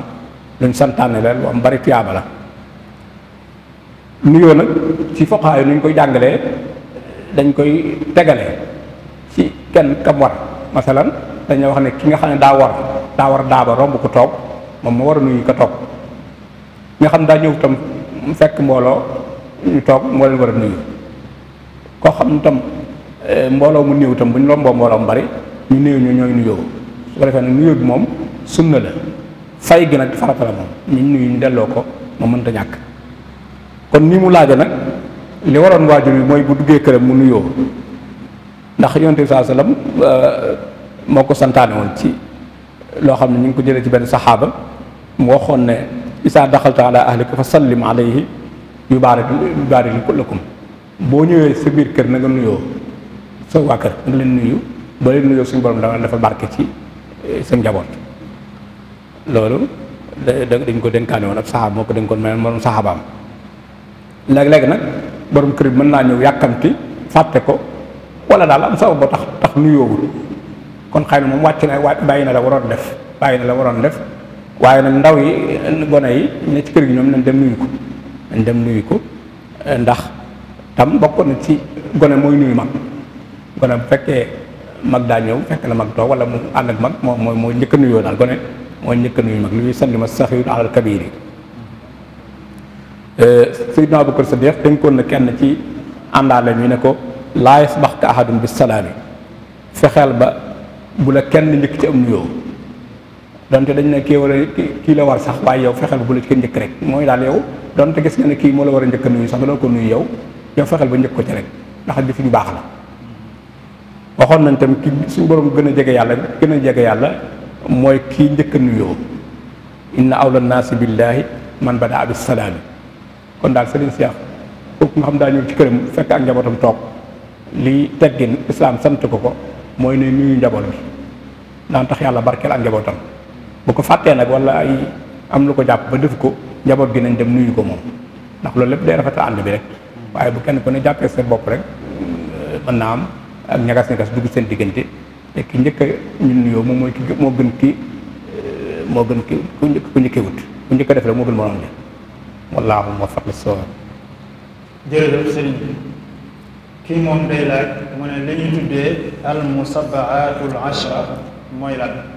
luñ santaane la lu am bari tuyaaba la nuyoo nag ci foqaayu nuñ koy jàngalee dañ koy tegale ci kenn kam war masalan dañuy wax ne ki nga xam ne daa war daa war daaba romb ko toog moom moo war a nuyu ko toog nga xam daa ñëw tam fekk mbooloo ñu toog moo leen war a nuyu koo xam tam Eh, mbooloo mu néew itam bu ñu lomboo mbooloo mu bari ñu néew ñu ñooy nuyoo su ko defee nag nuyoo bi moom sunna la fay gi nag farata moom ñu nuyu ñu delloo ko ma mënta ñàkk kon ni mu laaja nag li waroon waajur bi mooy bu duggee këram mu nuyoo ndax yonent bi saa sallam eh, moo ko santaane woon ci loo xam ne ñu ngi ko jëlee ci benn saxaaba mu waxoon ne isaa daxalta ala ahlika fa sallim alayhi yubaarik yubaarik ko boo ñëwee sa biir kër na nga nuyoo sa waa kër nga leen nuyu ba leen nuyoo suñu borom dama dafa barke ci eh, seen njaboot loolu da dañ ko dénkaane woon ab saxaab moo ko dénkoon mel moom saxaabaam léeg-léeg nag borom kër mën naa ñëw yàkkamti fàtte ko wala daal am sabab boo tax tax nuyoowul kon xëy na moom wàcc na bàyyi na la waroon def bàyyi na la waroon def waaye nag ndaw yi eh, gone yi ne ci kër gi ñoom nañ dem nuyu ko nañ dem nuyu ko eh, ndax tam bokk na ci gone mooy nuyu mag kon bu fekkee mag daa ñëw fekk wala mu ànd ak mag moo moo a nuyoo moo njëkk a nuyu mag lu ñuy sànni ma saxiir alal kabiir yi euh, Seydina Abubakar Sadiq dénkoon na kenn ci àndaale ñu ne ko laa yasbaxka ahadun bi fexeel ba bu la kenn njëkk ci am nuyoo donte dañ ne kii a kii la war sax waaye yow fexeel ba bu la ci njëkk rek mooy daal yow donte gis nga ne kii moo la war a njëkk nuyu sax nga doon ko nuyu yow yow fexeel ba njëkk ko ci rek ndax jëf ju baax la. waxoon nañ tam ki suñu borom gën a jege yàlla gën a jege yàlla mooy kii njëkk a nuyoo inna awla naasi billaahi man badaa bi salaami kon daal sëriñ Cheikh kooku nga xam daa ñëw ci këram fekk ak njabootam toog li teggin islaam sant ko ko mooy ne nuyu njaboot bi daan tax yàlla barkeel ak njabootam bu ko fàttee nag wala ay am na ko jàpp ba def ko njaboot gi nañ dem nuyu ko moom ndax loolu lépp day rafetal ànd bi rek waaye bu kenn ku ne jàppee seen bopp rek mën ak ñagas ñagas dugg seen diggante te ki njëkk a ñu nuyoo moom mooy ki moo gën ki euh, moo gën ki ku njëkk ku wut ku njëkk a def rek moo gën moo li wallaahu muwaffiq lis-sawaab jërëjëf sëriñ bi kii moom day mu ne li tuddee al musabbaatul ashra mooy lan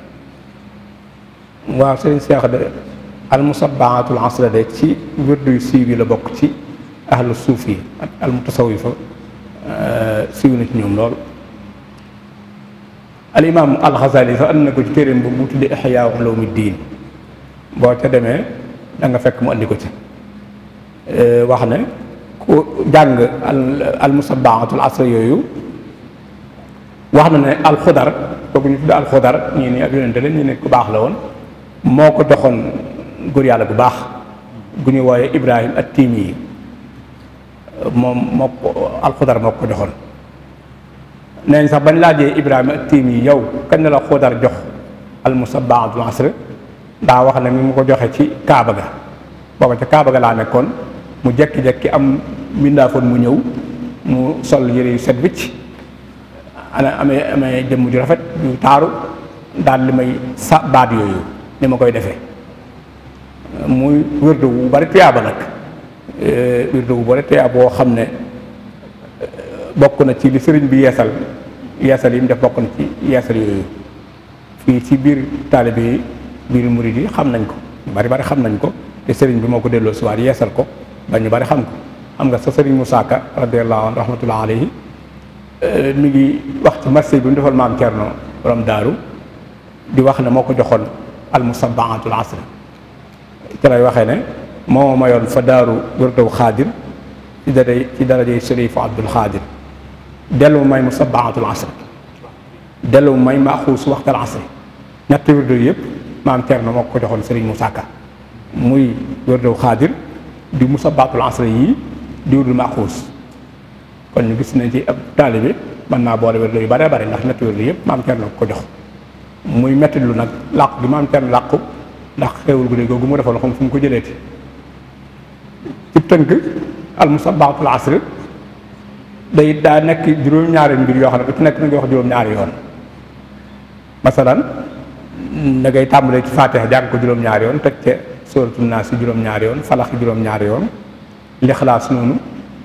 ci wérdu yu la bokk ci ahlu suuf yi ak al Euh, siiw na ci ñoom lool al imaam alxasali sax ànd na ko ci téeréem bu mu tuddee Ihyaa Ulumi Diin boo ca demee danga fekk mu andi ko ci euh, wax ne ku jàng al musabbaatul asr yooyu wax na ne alxudar kooku ñu tuddee alxudar ñu ni ak yonente la ñu ne ku baax la woon moo ko joxoon góor yàlla bu baax gu ñu wooyee Ibrahim at-Tiimi yi moom moo alxudar moo ko joxoon neen sax bañ laajee ibrahima tiim yi yow kañ la xudar jox almusabbaatul asr ndaa wax ne mi mu ko joxe ci kaaba ga booba ca kaaba ga laa nekkoon mu jekki-jekki am mbindaafoon mu ñëw mu sol yëre yu set wicc ana amee amee jëmm ju rafet ju taaru daal li may sa baat yooyu ni ma koy defee muy wérdu bu bari tuyaaba nag wirdu bu bari te boo xam ne eh, bokk na ci li sëriñ bi yeesal yeesal yi mu def bokk na ci yeesal yooyu fii ci biir taalibe yi biir murid yi xam nañ ko bari bari xam nañ ko te sëriñ bi moo ko delloo si yeesal ko ba ñu bari xam ko xam nga sa sëriñ Moussa Ka radiyallahu anhu rahmatullah alayhi eh, ngi wax ci marché bi mu defal maam Thierno borom daaru di wax ne moo ko joxoon al musabbaatul asr ci lay waxee ne moo mayoon fa daaru wërdaw xaadir ci daraj ci darajey sëriif abdul xaadir dellu may mu sabaatul asri dellu may ma xuus waxtal asri ñetti wërdaw yëpp maam Thierno moo ko joxoon sëriñ Moussa Ka muy wërdaw di mu sabaatul asri yi di wërdul ma xuus kon ñu gis nañ ci ab taalibe mën naa boole wërdaw yu bare bare ndax ñetti wërdaw yëpp maam Thierno ko jox muy metti lu nag làqu gi maam Thierno làqu ndax xéewul gu ne googu mu defal xam fu mu ko jëleeti ci tënk almusabbaatul asr day daa nekk juróom-ñaari mbir yoo xam ne nekk da ngay wax juróom-ñaari yoon masalan da ngay tàmbalee ci faatiha jàng ko juróom-ñaari yoon teg ca sóoratu naas si juróom-ñaari yoon falax juróom-ñaari yoon lixlaas noonu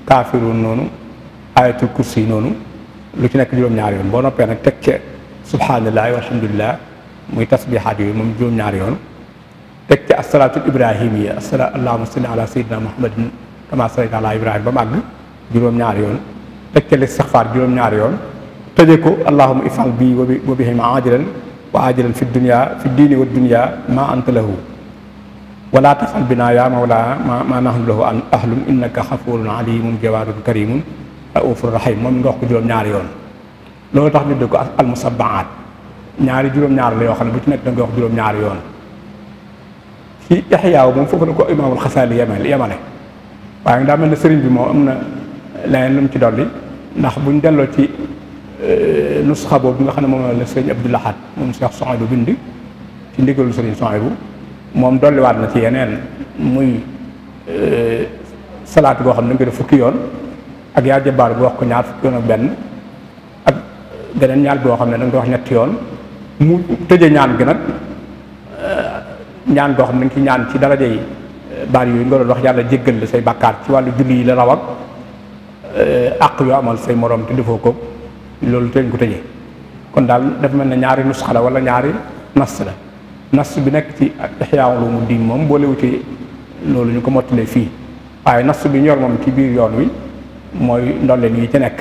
kaafiruun noonu ayatul kursi noonu lu ci nekk juróom-ñaari yoon boo noppee nag teg ca subhaanallaahi walhamdulilah muy tasbihaat yooyu moom juróom-ñaari yoon teg ci asalaatul ibrahimiya asala allahuma salli ala sayyidina muhammadin kama sallayta ala ibrahim ba mu àgg juróom-ñaari yoon teg ci listixfaar juróom-ñaari yoon tëje ko allahuma ifal bi wabi wa bihim ajilan wa ajilan fi dunya fi diini wa dunya ma anta lahu wala tafal bina yaa mawla ma ma nahnu lahu an ahlun innaka xafurun alimun jawaadun karimun raufur rahim moom nga wax ko juróom-ñaari yoon loolu tax nit di ko almusabaat ñaari juróom-ñaar la yoo xam ne bu ci nekk da nga wax juróom-ñaari yoon ci Ihyaa moom foofu la ko imaamul Xasaali yemale yemale waaye daa mel ne sëriñ bi moom am na leneen lu mu ci dolli ndax bu buñ delloo ci euh, nusxa boobu nga xam ne moom la sëriñ Abdul Ahad moom Cheikh Souhaïbou bind ci ndigalu sëriñ Souhaïbou moom dolliwaat na ci yeneen muy euh, salaat goo xam ne dañ koy fukki yoon ak yaa jabbaar bu wax ko ñaar fukki yoon ak benn ak geneen ñaar boo xam ne dañ koy wax ñetti yoon mu tëje ñaan gi nag ñaan goo xam ne nga ci ñaan ci daraja yi baar yooyu nga doon wax yàlla jéggal la say bàkkaat ci wàllu julli yi la raw ak eh, àq yoo amal say morom te defoo ko loolu teñ ko tëjee kon daal dafa mel ne ñaari nusxa la wala ñaari nas la nas bi nekk ci mu Ulumuddin moom boolewu ci loolu ñu ko mottalee fii waaye nas bi ñor moom ci biir yoon wi mooy ndolleen yi ci nekk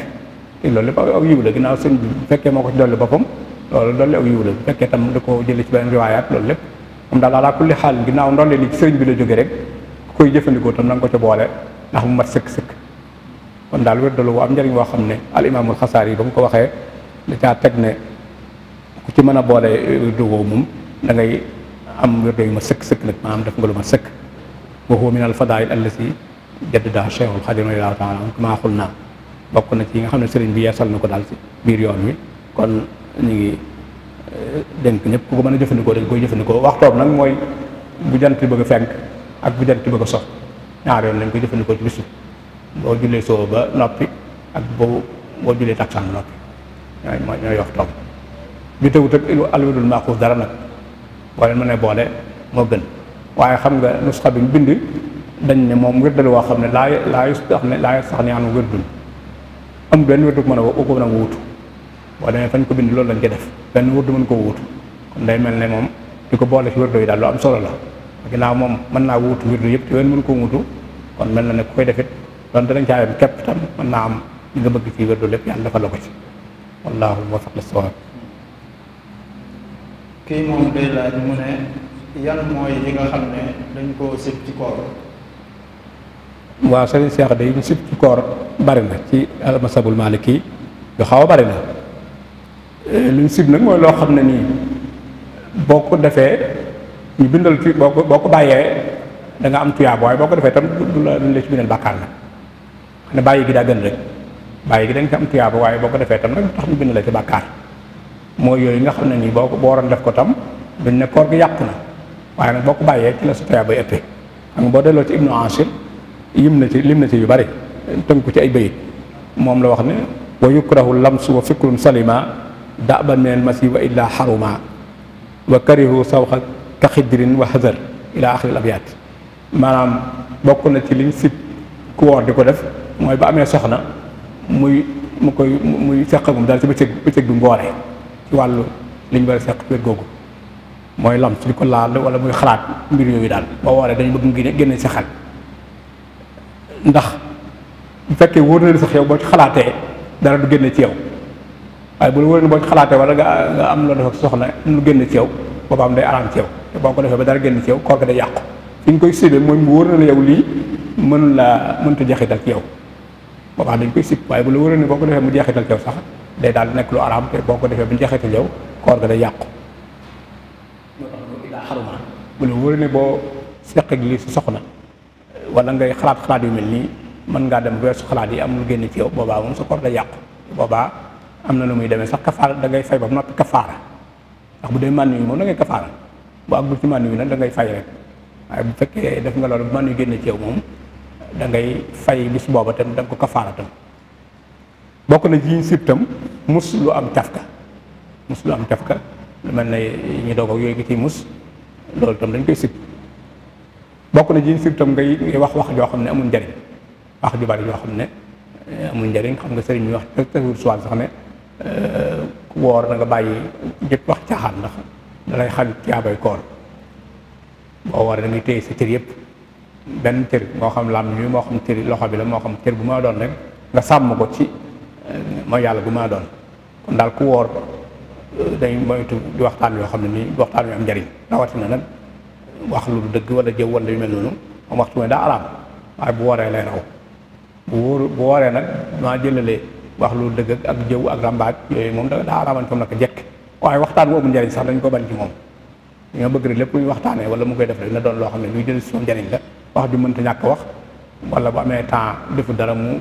te loolu lépp aw yiw la ginnaaw sëñ bi bu fekkee moo ko ci dolli boppam loolu dolli aw yiw da ko jëlee ci benn riwaayaat loolu lépp moom daal ala kulli xaal ginnaaw ndonde li ci sëriñ bi la jóge rek ku koy jëfandikoo tam na nga ko ca boole ndax mu mat sëkk-sëkk kon daal wér dalu bu am njariñ boo xam ne al imaamul xasaar yi ba mu ko waxee da caa teg ne ku ci mën a boole eh, dugoo moom dangay am wér yu ma sëkk sëkk nag maanaam def nga lu ma sëkk wa huwa min al fadail allati jaddada cheikhul xadim radiyallahu taala kama xul naa bokk na ci yi nga xam ne sëriñ bi yeesal na ko daal ci biir yoon wi kon dénk ñëpp ku ko mën a jëfandikoo dañ koy jëfandikoo wax waxtoom nag mooy bu jant bëgg a fenk ak bu jant bëgg so ñaar yoon lañ koy jëfandikoo ci bisu boo jullee soo ba noppi ak boo boo jullee taksaan ba noppi ñooy mooy ñooy waxtoom bi tëwut ak alwidul maaxuus dara nag boo leen mën boole moo gën waaye xam nga nusxa bi bind dañ ne moom wérdal woo xam ne laa laa yus tax ne laa yus tax ne anu wérdul am benn wérdu mën a woo ko mën a wuutu boo demee fañ ko bind loolu lañ ko def benn wurdu mën koo wuutu kon day mel ne moom di ko boole ci wurdu yi daal lu am solo la naa moom mën naa wutu wuutu wurdu yëpp te wenn mën koo wuutu kon mel na ne ku koy defit doon danañ caa yem képp tam bëgg ci lépp yàlla dafa la ko ci wallaahu muwaffiq lis-sawaab kii moom day laaj mu ne yan mooy yi nga xam ne dañ koo sib ci koor waaw sëriñ Seex day ñu sib ci koor bari na ci almasabul maaliki yu xaw a bari na luñ sib nag mooy loo xam ne nii boo ko defee ñu bindal ci boo ko boo ko bàyyee danga am tuyaab waaye boo ko defee tam du la duñ la ci bàyyi gi daa gën gi dañ ko am tuyaab waaye boo ko defee tam nag tax ñu bindal la ci bàkkaar mooy yooyu nga xam ne nii boo ko boo waroon def ko tam duñ ne koor gi yàqu na waaye nag boo ko bàyyee ci la sa tuyaab bay ëppee boo delloo ci Ibnu Asir yim na ci lim na yu bari tënk ko ci ay bayit moom la wax ne wa yukrahu lamsu wa fikrun salima daaban min almasi wa illa xaruma wa karihu sawxa ka xidrin wa xasar ila axril abyaat maanaam bokk na ci liñ sit ku woor di ko def mooy ba amee soxna muy mu koy mu muy seq moom daal ci bëccëg bëccëg bi mbooree ci wàllu liñ war a seq wet googu mooy lam ci li ko laal wala muy xalaat mbir yooyu daal boo wooree dañu bëgg ngi génne sa xel ndax bu fekkee wóor na sax yow boo ci xalaatee dara du génne ci yow waaye bu la wóoree boo xalaatee wala nga am loo def ak soxna lu génn ci yow boobaam day araam ci boo ko defee ba dara génn ci yow day yàqu fi ñu koy sibee mooy mu wóor lii mënul la mënta jeexital ci yow boobaa dañ koy waaye bu la ne boo ko defee mu jeexital ci yow sax day daal nekk lu araam te ko defee bu jeexital yow ga day yàqu bu la wóoree boo seq ak lii sa soxna wala ngay xalaat xalaat yu mel nii mën ngaa dem su xalaat yi am lu génn ci yow boobaa moom sa koor day yàqu boobaa am na nu muy demee sax kafaara da ngay fay ba noppi kafaara ndax bu dee mànn yi moom da ngay kafaara bu àggul yi nag da ngay fay bu fekkee def nga loolu bu mànn yi génn ci yow moom da fay bis booba tam da nga ko kafaara tam bokk na ci sib tam mus lu am cafka mus lu am cafka lu mel ne ñu doog ak yooyu nga ciy mus loolu tam dañ koy sib bokk na ci sib tam ngay wax wax joo xam ne amul njariñ wax ju bari joo xam ne eh, amul njariñ xam nga sëriñ ñuy wax te te sax ne. Euh, woor na nga bàyyi jëpp wax caaxaan ndax dalay xañ tiyaabay koor boo woor da ngay téye sa cër yëpp benn cër moo xam lam ñu moo xam cëri loxo bi la moo xam cër bu ma doon rek nga sàmm ko ci euh, mooy yàlla bu ma doon kon daal ku woor euh, day moytu di waxtaan yoo xam ne nii waxtaan yu am njariñ rawatina nag wax lu dëgg wala jëw wala yu mel noonu moom waxtu mooy daa araam waaye bu wooree lay raw bu wóor nag maa jëlalee wax lu dëgg ak jëw ak ràmbaaj yooyu moom da daa araman comme naka jekk waaye waxtaan boobu njariñ sax dañ ko ban ci moom ñoo bëgg rek lépp luy waxtaanee wala mu koy def rek na doon loo xam ne luy jël si njariñ la wax ju mënta ñàkk wax wala bu amee temps defu dara mu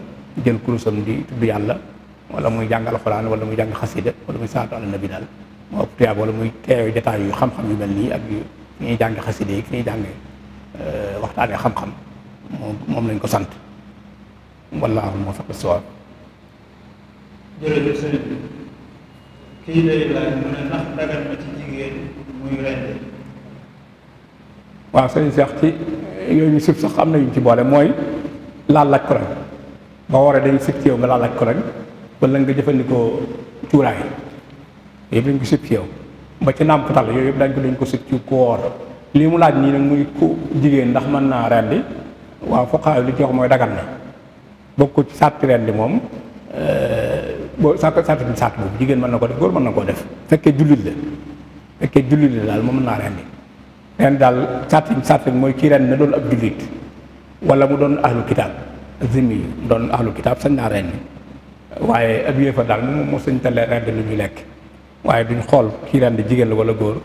jël kurusam di tudd yàlla wala muy jàng alxuraan wala muy jàng xasida wala muy saatu ala nabi daal moo ëpp tuyaab wala muy teew jotaay yu xam-xam yu mel nii ak yu ñuy jàng xasida yi ñuy jàng euh, waxtaanee xam-xam moom lañ ko sant wallaahu moo faq sawaab jërëjëf sëriñ bi kii day laaj mu ne ndax dagan na ci jigéen muy rendi waaw sëriñ Seex ci yooyu ñu sax am na yuñ ci boole mooy laal laj ko rek boo waree dañ sib ci yow nga laal laj ko rek wala nga jëfandikoo cuuraay yëpp dañ ko ba ci nàmpatal yooyu yëpp dañ ko dañ ko sib ci ku woor lii mu laaj nii nag muy ku jigéen ndax mën naa rendi waaw fuqaayu li ci wax mooy dagan na bokk ci sàtti rendi moom boo sàkk sàkk bi sàkk boobu jigéen mën na ko def góor mën na ko def fekkee jullit la fekkee jullit la daal moom mën naa rendi ren daal sàkk sàkk mooy kii ren na doon ab jullit wala mu doon ahlu kitaab zimmi doon ahlu kitaab sañ naa rendi waaye ab yéefa daal moo sañ tale lu ñu lekk waaye duñ xool kii rendi jigéen la wala góor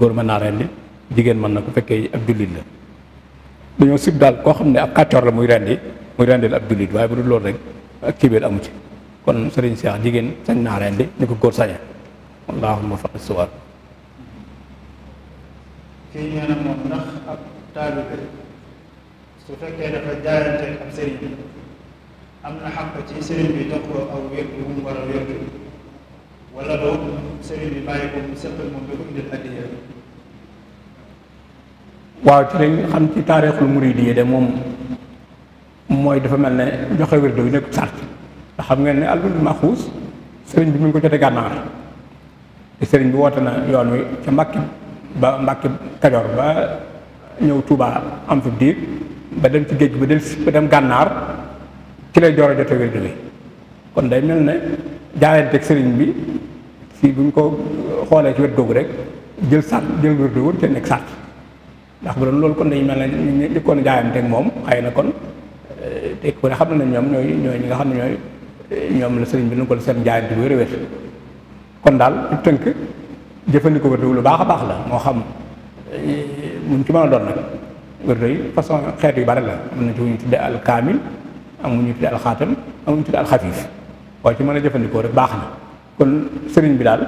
góor mën naa rendi jigéen mën na ko fekkee ab jullit la dañoo sib daal koo xam ne ab kàccoor la muy rendi muy rendil ab jullit waaye bu dul loolu rek ak cibéer amu ci kon sëriñ Cheikh jigéen sañ naa leen di ni ko góor sañe allahumma faqi suwar kii nee moom ndax ab taalibe su fekkee dafa jaarante ak sëriñ bi am na xàq ci sëriñ bi jox aw wér bu mu war a wér wala bi bàyyi ko mu moom bi ko indil addiya waaw ci lañ ci taarixul muriid de moom mooy dafa mel ne joxe wér bi nekk sart te xam ngeen ne albindul maxuus sëriñ bi mu ngi ko jote gànnaar te sëriñ bi woote na yoon wi ca mbàkki ba mbàkki kajoor ba ñëw Touba am fi diir ba dem ci géej ba del ba dem gànnaar ci lay door a jote wér gi kon day mel ne jaayanteeg sëriñ bi si buñ ko xoolee ci wet googu rek jël sàtt jël wér di wër te nekk sàtt ndax bu doon loolu kon dañu mel na ñu njëkkoon jaayanteeg moom xëy na kon eh, te ku ne xam na ne ñoom ñooy ñooy ñi nga xam ne ñooy ñoom la sëriñ bi nu ko seen jaayante bu wér a kon daal ci tënk jëfandikoo wërdu lu baax a baax la moo xam eh, mun ci mën doon nag wërdu xeet yu bari la am na ci wu ñu tuddee al kaamil am wu ñu tuddee al xaatam am wu ñu tuddee al xafiif waaye ci mën a jëfandikoo rek baax na kon sëriñ bi daal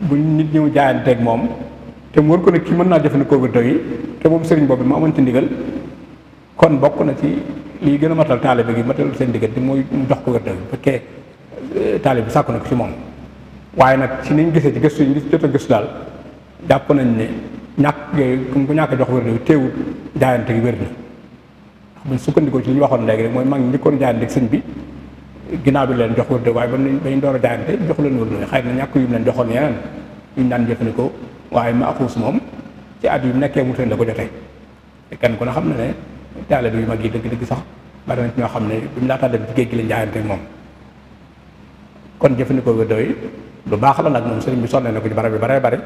bu nit ñëw jaayanteeg moom te mu war ko ne kii mën naa jëfandikoo wërdu yi te boobu sëriñ boobu ma amoon ci ndigal kon bokk na ci lii gën a matal taalibe gi matal seen diggante muy jox ko wér bu fekkee euh, taalibe bi sàkku na ko ci moom waaye nag ci niñ gisee ci gëstu yi ñu jot a daal jàpp nañ ne ñàkk ku ko ñàkk jox wér bi teewul jaayante gi wér na buñ sukkandikoo ci li waxoon léegi mooy mag ñi kon jaayante ak bi ginnaaw bi leen jox wér waaye ba bañ door a jaayante jox leen wér xay na ñàkk yu mu leen joxoon yeneen yu ñu daan jëfandikoo waaye ma axuus moom ci at yi yu nekkee mu teen la ko jotee te kenn ku ne xam na ne bi yu mag yi dëgg-dëgg sax bari na ñoo xam ne bi mu laataa dem ci géej gi la njaayanteeg moom kon jëfandikoo wérdo lu baax la nag moom sëriñ bi sonne na ko ci barab yu bare bare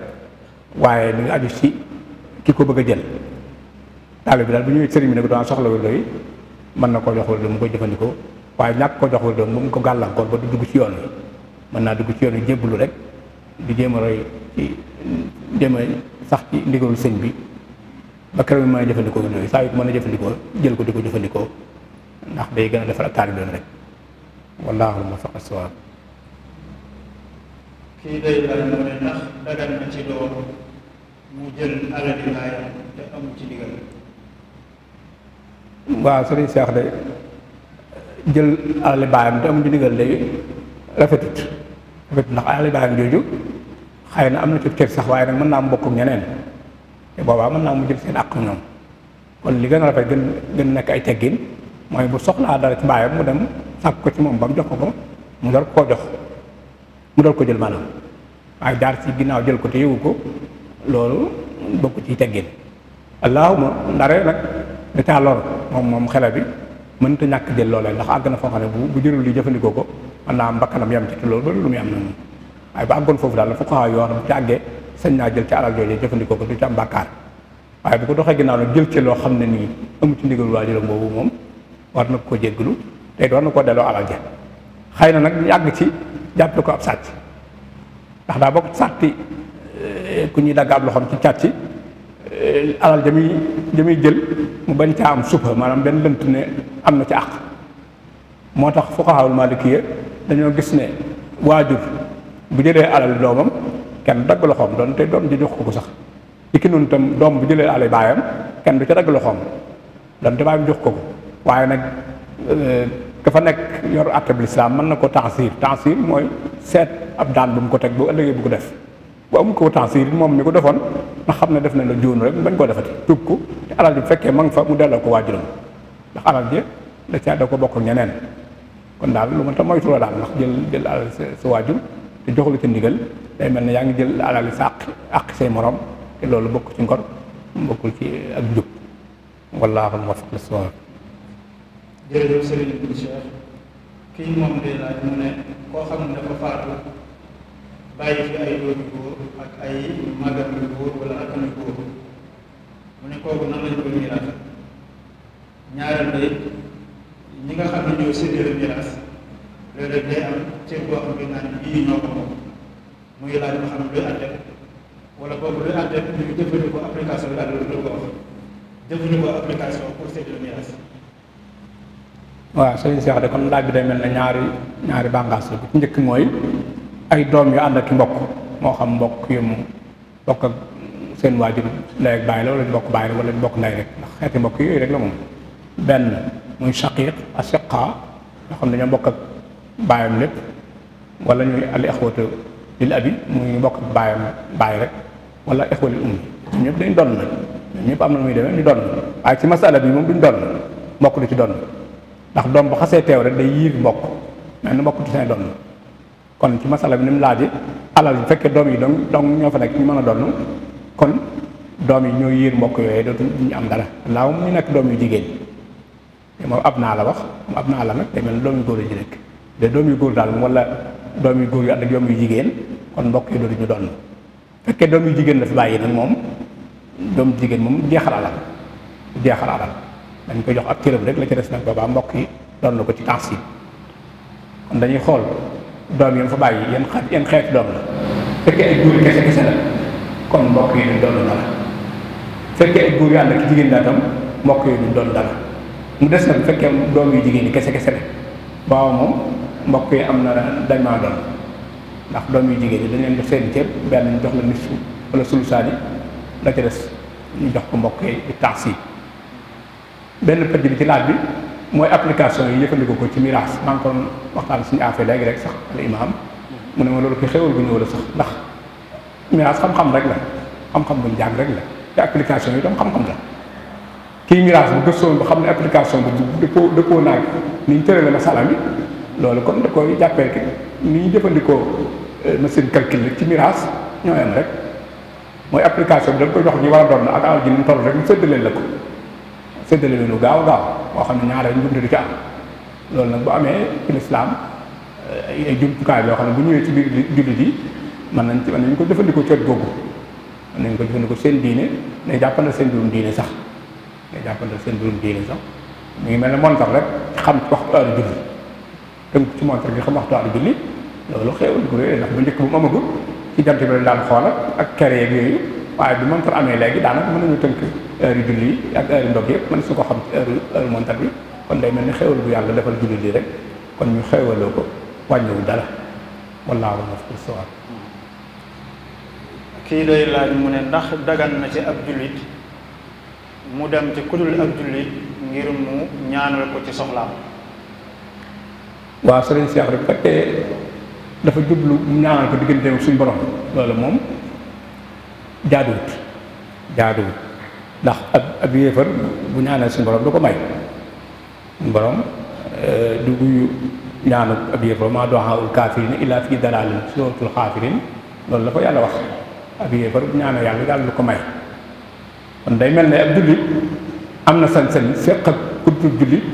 waaye mi ngi aju ci ko bëgg a jël taalibe bi daal bu ñëwee sëriñ bi ne ko soxla wérdo mën na koo jox wérdo mu koy jëfandikoo waaye ñàkk ko jox wérdo mu ko gàllankoor ba du dugg ci yoon mën naa dugg ci yoon wi jébbalu rek di jéem a roy ci jéem a sax ci ndigalul sëñ bi ba keroog mën a jëfandikoo yooyu saa yu ko a jëfandikoo jël ko di ko jëfandikoo ndax day gën a defar ak taalibeem rek wallaahu muwaffiq as kii day laaj mu ne ndax dagan na ci doom mu jël alali te amu ci ndigal. waaw rafetut rafetut ndax alali baayam jooju xëy na am na ci cër sax waaye nag mën naa am mbokk ñeneen. te boobaa mën naa mu jël seen àq ñoom kon li gën a rafet gën gën nekk ay teggin mooy bu soxlaa dara ci baayam mu dem sàkk ko ci moom ba mu jox ko ko mu door koo jox mu door ko jël maanaam a daar ci ginnaaw jël ko te yëgu ko loolu bokk ci teggin allahuma ndare nag da caa lor moom moom xele bi mën mënta ñàkk jël loolee ndax àgg na foo xam ne bu bu jëlul li jëfandikoo ko mën naa am bakkanam yam ci te loolu lu muy am na moom waaye ba àggoon foofu daal la foo xaw yoo xam àggee sañ naa jël ci alal jooju jëfandikoo ko du ci am bàkkaar waaye bu ko doxee ginnaaw nag jël ci loo xam ne nii amu ci ndigal waajuram boobu moom war na ko jéggalu te war na koo delloo alal ja xëy na nag yàgg ci jàppale ko ab sàcc ndax daa bokk sàtti eh, ku ñuy dagg ab loxoom ci càcc eh, alal jamuy jamuy jël mu bañ caa am supa maanaam benn lënt ne am na ci àq moo tax fuqahaawul maalikiya dañoo gis ne waajur bu jëlee alal doomam kenn dagg loxoom doon te doom ji jox ko ko sax ki noonu itam doom bu jëlee ale baayam kenn du ca dagg loxoom doon te baayam jox ko ko waaye nag eh, ka fa nekk yor àtte bi lislaam mën na ko taasir taasir mooy seet ab daan bu mu ko teg bu ëllëgee bu ko def bu amul ko taasir moom mi ko defoon nga xam ne def na la juun rek bañ koo defati tuub ko te alal ji bu fekkee ma nga fa mu delloo ko waajuram ndax alal ji da caa da ko bokk ñeneen kon daal lu ma ta moytu la daal ndax jël jël alal sa te joxul ci ndigal day mel ne yaa ngi jël alal sa àq àq say morom te loolu bokk ci ngor bokkul ci ak njub wallaahu muwaffiq li sawaab. jërëjëf Serigne Bou Cheikh kii moom day laaj mu ne koo xam ne dafa faatu bàyyi fi ay doom yu ak ay magam yu góor wala rakam yu góor mu ne kooku nan lañ ko miraas ñaareel day ñi nga xam ne ñoo séddale miraas loolu day am. cër boo xam ne naan yii ñoo ko moom muy laaj ba ne bi ko wax day mel na ñaari ñaari bànqaas la ci njëkk mooy ay doom yu ànd ak mbokk moo xam mbokk yu mbokk ak seen waajur ndey ak bàyyi la wala mbokk bàyyi la wala mbokk ndey rek ndax xeeti mbokk yooyu rek la moom benn muy shaqiq asiqa nga xam ne ñoo bokk ak bàyyam lépp wala ñu al ixwatu lil abi muy ñu bokk baayam baay rek wala ixwa lil ummi ñun ñëpp dañ doon na ñëpp am na muy demee ñu doon waaye ci masala bi moom duñ doon mbokk du ci doon ndax doom bu xasee teew rek day yiir mbokk mel ni mbokk du seen kon ci masala bi ni mu laaje alal bu fekkee doom yi dong dong ñoo fa nekk ñu mën a doon kon doom yi ñoo yiir mbokk yooyu dootu ñu am dara laaw mu ñu nekk doom yu jigéen moom ab naa la wax moom naa la nag day mel ni doom yu yi nekk de doom yu góor daal wala doom yu góor yu ànd ak doom yu jigéen kon mbokk yi dootuñu doon fekkee doom yu jigéen la fi bàyyi nag moom doom jigéen moom jeexal alal jeexal alal dañ koy jox ab cërëm rek la ca des nag boobaa mbokk yi doon na ko ci temps yi kon dañuy xool doom yi fa bàyyi yan xeet yan xeet doom la fekkee ay góor kese kese la kon mbokk yi duñ doon dara fekkee ay góor yu ànd ak jigéen la tam mbokk yi duñ doon dara mu des nag bu fekkee doom yu jigéen yi kese kese la waaw moom. mbokk yi am na dañ doon ndax doom yu jigéen yi dañ leen di seen ceeb benn jox la nit su wala sulusaani la ca des ñu jox ko mbokk yi di benn pàcc bi ci laaj bi mooy application yi jëfandikoo ko ci miraas maa ngi waxtaan suñu affaire léegi rek sax al imaam mu ne ma loolu ko xewal bu ñëw la sax ndax miraas xam-xam rek la xam-xam buñ jàng rek la te application yi tam xam-xam la kii miraas bu gëstoo ba xam ne application bi dëppoo dëppoo naag ni ñu tëralee masala bi loolu kon da koy jàppee ki ni ñu jëfandikoo euh, machine calcul ci miraas ñoo yem rek mooy application bi dañ koy jox ñu war a doon ak alal ji ñu toll rek ñu séddale la ko séddale la lu gaaw gaaw boo xam ne ñaare njumte du ci am loolu nag bu amee ci euh, ay jumtukaay yoo xam ne bu ñëwee ci biir jullit yi mën nañ ci mën nañ ko jëfandikoo coot googu mën nañ ko jëfandikoo seen diine ne jàppandal seen mbirum diine sax ne jàppandal seen mbirum diine sax mu ngi mel ne moon rek xam wax heure julli tënk ci montre bi xam waxtu julli loolu xéewal gu rëy ndax bu njëkk bu mu amagul ci jant bi la daan xool ak kere yeeg yooyu waaye bi montre amee léegi daanaka mën nañu tënk heure yu julli yi ak heure yu ndog yëpp mën su kon day mel ni xéewal bu yàlla defal julli lii rek kon ñu xéewaloo ko wàññiwul dara wallaahu maftu sawaab kii day mu ne ndax dagan na ci ab mu dem ci kudul ab waaw sëriñ Cheikh rek fekkee dafa jublu ñaanal ko digganteem suñu borom loolu moom jaaduwut jaaduwut ndax ab ab yéefar bu ñaanal suñu borom du ko may suñu borom euh, du guyu ñaanu ab yéefar maa doxaawul kaafirina illaa fii dalaalin suratul xaafirin loolu la ko yàlla wax ab yéefar bu ñaanal yàlla yàlla du ko may kon day mel ne ab jullit am na sañ-sañ seq ak ku dul jullit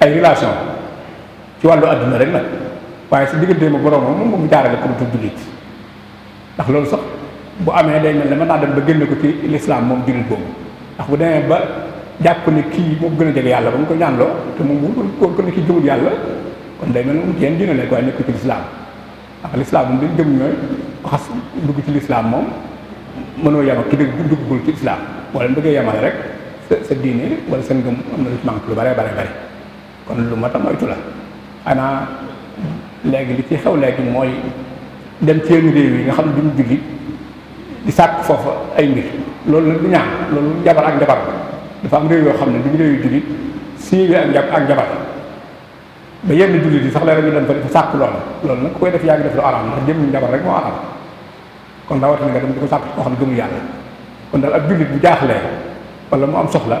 ay relation ci wàllu àdduna rek nag waaye si diggante ma boroomam moom mu jaarale ko du jullit ndax loolu sax bu amee day mel na mën naa dem ba génne ko ci lislaam moom jullit boobu ndax bu demee ba jàpp ne kii moom gën a jege yàlla ba mu ko ñaanloo te moom mu ko gën a ki gëmul yàlla kon day mel ne moom jeen dina nekk waaye nekk ci lislaam ndax lislaam moom dañ gëm ñooy xas dugg ci lislaam moom mënoo yama ki dëgg duggul ci lislaam boo leen rek sa sa wala seen ngëm lu ci manque kon lu ma tam moytu xanaa léegi li ci xew léegi mooy dem ci yenn réew yi nga xam ne duñ julli di sàkk foofa ay mbir loolu nag du ñaan loolu jabar ak jabar dafa am réew yoo xam ne duñ réew yu julli siiwee ak ja ak jabar ba yenn jullit la ñu dem fa di sàkk loolu loolu nag ku koy def yaa def lu araam ndax jëm ñu jabar rek moo araam kon rawatina nga dem di ko sàkk koo xam ne yàlla kon daal ab jullit bu jaaxlee wala mu am soxla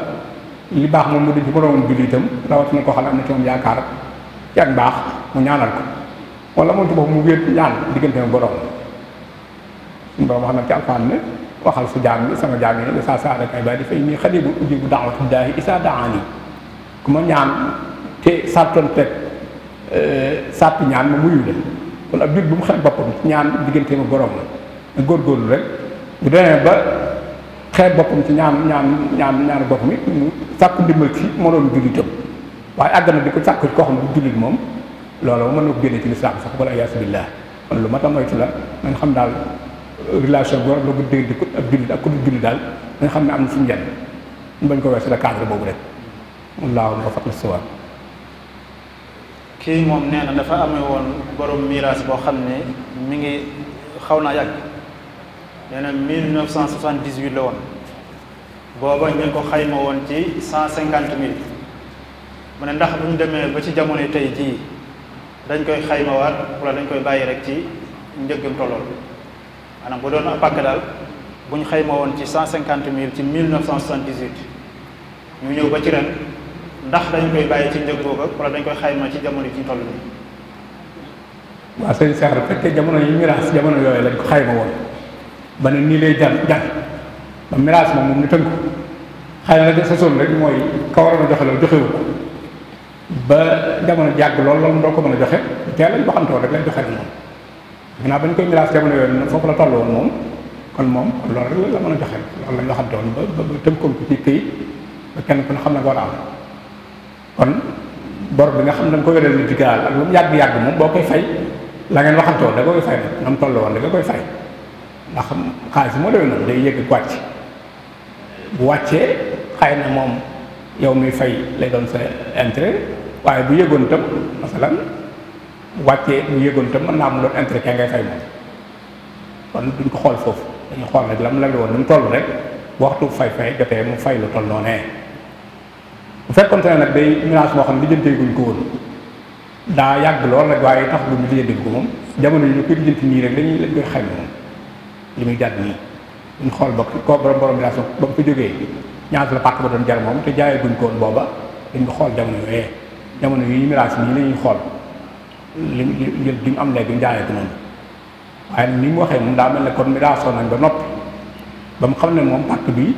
li baax moom mu du ci moroomam jullitam rawatina koo xam ne am na ci yaakaar ci ak baax mu ñaanal ko wala moom ci boppam mu wéet ñaan diggante ak borom wax na ci alfaan ne waxal su jaam sama jaam yi ne saa saa rek bu ujibu daawatillaahi isaa daani ku ma ñaan te sàttanteeg e, sàtti ñaan ma muyu la kon ab bu mu xel ñaan diggante ak borom la góorgóorlu rek bu ba xeet boppam ci ñaan ñaan ñaan ñaan boppam it mu sàkku ndimbal ci jullitam waaye àgg na di ko sàkk ko xam ne du jullit moom loolu mën na ko génne ci lislaam sax wala ayaas billah kon lu mat a moytu la nañ xam daal relation bu war la guddee di ko daal nañ xam ne am na suñu njariñ ñu bañ ko weesu la cadre boobu rek wallaahu ma faqna sawaab kii moom nee na dafa amee woon borom miraas boo xam ne mi ngi xaw naa yàgg nee na 1978 la woon booba ñu ko xayma woon ci cent cinquante 000. mu ne ndax bu ñu demee ba ci jamono tey jii dañ koy xayma xaymawaat wala dañ koy bàyyi rek ci njëggam tollool maanaam bu doon a pàkk daal bu ñu xayma woon ci cent cinquante mille ci mille neuf cent soixante-dix-huit ñu ñëw ba ci ren ndax dañ koy bàyyi ci njëg boobu wala dañ koy xayma ci jamono ji ñu toll nii. waaw sëñ Cheikh jamono yi miraas jamono yooyu lañ ko xayma woon ba ne nii lay jar jar ba miraas moom moom ñu tënk xëy na la sa zone rek mooy ka waroon a joxe loolu joxewu ba jamono jàgg lool loolu doo ko mën a joxe teel lañ doxantoo rek lañ joxe ak moom ginnaaw ba ñu koy miraas jamono yooyu foofu la toll woon moom kon moom loolu rek la mën a joxe loolu lañ doxantoon ba ba tënkoon ko ci këyit ba kenn ku ne xam na ko bor bi nga xam ne da nga ko yoreel nit gaal ak mu yàgg-yàgg moom boo koy fay la ngeen waxantoo da nga koy fay nag na mu toll woon da nga koy fay ndax xaalis moo demee noonu day yëgg wàcc bu wàccee xëy na moom yow muy fay lay doon sa intre waaye bu yëgoon itam masalan wàccee bu yëgoon itam mën naa am loolu intérêt ngay fay moom kon duñ ko xool foofu dañu xool rek lam la woon ni mu toll rek waxtu fay fay jotee mu fay lu toll noonee bu ne nag day menace moo xam lijjantee guñ ko woon daa yàgg lool rek waaye tax bu ñu lijjantee ko moom jamono yi ñu koy lijjanti nii rek dañuy lañ koy xayma moom li muy jàdd nii ñu xool ba ko borom borom menace ba ko jógee ñaata la pàcc ba doon jar moom te jaayee guñ ko woon booba dañ ko xool jamono yooyee jamono yi ñu miraas nii la ñuy xool li mu am léegi ñu jaayee noonu waaye ni mu waxee moom daa mel ne kon miraasoo nañ ba nopp ba mu xam ne moom pàcc bi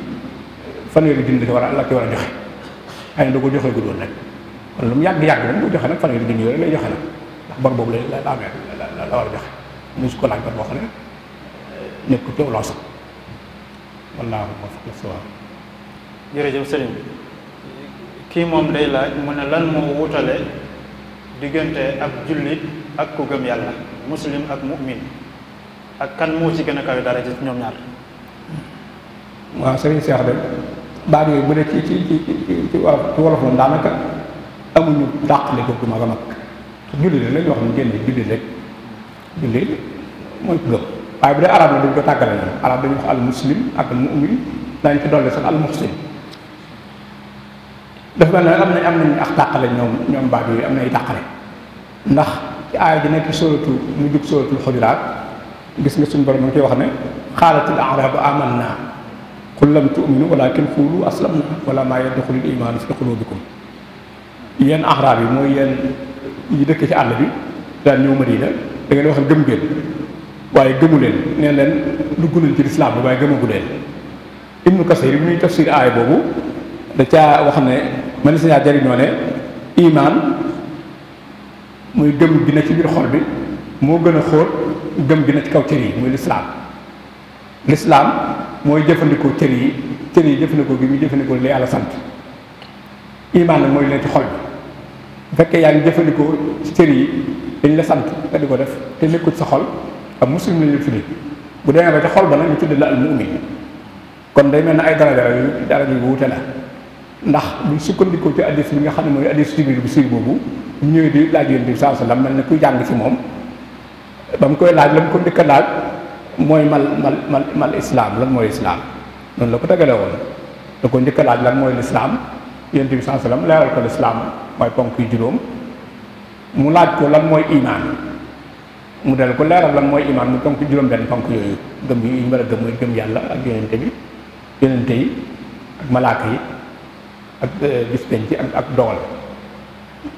fanweeri junni dafa war a la war a joxe ay na ko joxee guddoon rek kon lu mu yàgg yàgg ko joxe nag fanweeri junni yooyu lay joxe bor boobu la la amee la la war a joxe mu su ko laaj bor boo xam ne nekkul teewloo sax wallaahu ma fa jërëjëf sëriñ kii moom day laaj mu ne lan moo wutale diggante ab jullit ak ku gëm yàlla muslim ak mu'min ak kan moo ci gën a kawe dara ci ñoom ñaar waaw sëriñ Seex de baat yooyu bu dee ci ci ci ci wolof moom daanaka amuñu dàqle googu mag a mag jullit rek la ñu wax mu génn jullit rek jullit mooy ku waaye bu dee arab la dañ ko tàggale arab dañu wax al muslim ak al mu'min dañ ci dolli sax al muhsin dafa mel ne am nañ am nañ ak tàqale ñoom ñoom baat yooyu am nay tàqale ndax ci aaya ji nekk sóoratu mu jub sóoratul xujuraat gis nga suñu borom mu koy wax ne xaalatul arabu aman naa qul lam tu'minu walakin qulu aslamna wala maa yadxulul imaanu fi qulubikum yéen araab yi mooy yéen yi dëkk ci àll bi daan ñëw Madina da ngeen waxal gëm ngeen waaye gëmu leen nee leen dugg nañ ci lislaam bi waaye gëmagu leen ibnu kasir bi muy tafsir aaya boobu da caa wax ne man si naa jëriñoo ne imaan muy gëm bi na ci biir xol bi moo gën a xóot gëm bi na ci kaw cër yi muy lislaam lislaam mooy jëfandikoo cër yi cër yi jëfandikoo gi muy jëfandikoo li yàlla sant imaan nag mooy leen ci xol bi bu fekkee yaa ngi jëfandikoo ci cër yi dañ la sant nga di ko def te nekkul sa xol ak muslim lañu tuddee bu demee ba ca xol ba nag ñu tuddee la al mu'min kon nday mel ne ay dara dara yu dara yu wuute la ndax buñ sukkandikoo ci addis bi nga xam ne mooy addis jibril bu siiw boobu ñëwee di laaj yonent bi saa sallam mel ne kuy jàng si moom ba mu koy laaj la mu ko njëkk a laaj mooy mal mal mal mal islaam lan mooy noonu la ko tegale woon da ko njëkk laaj lan mooy lislaam yonent bi saa sallam leeral ko lislaam mooy ponk yu juróom mu laaj ko lan mooy imaan mu del ko leeral lan mooy imaan mu ponk juróom benn ponk yooyu gëm yi ñu war a gëm mooy gëm yàlla ak yonente bi yonente yi ak malaaka yi ak euh, gis penc ci ak ak dogal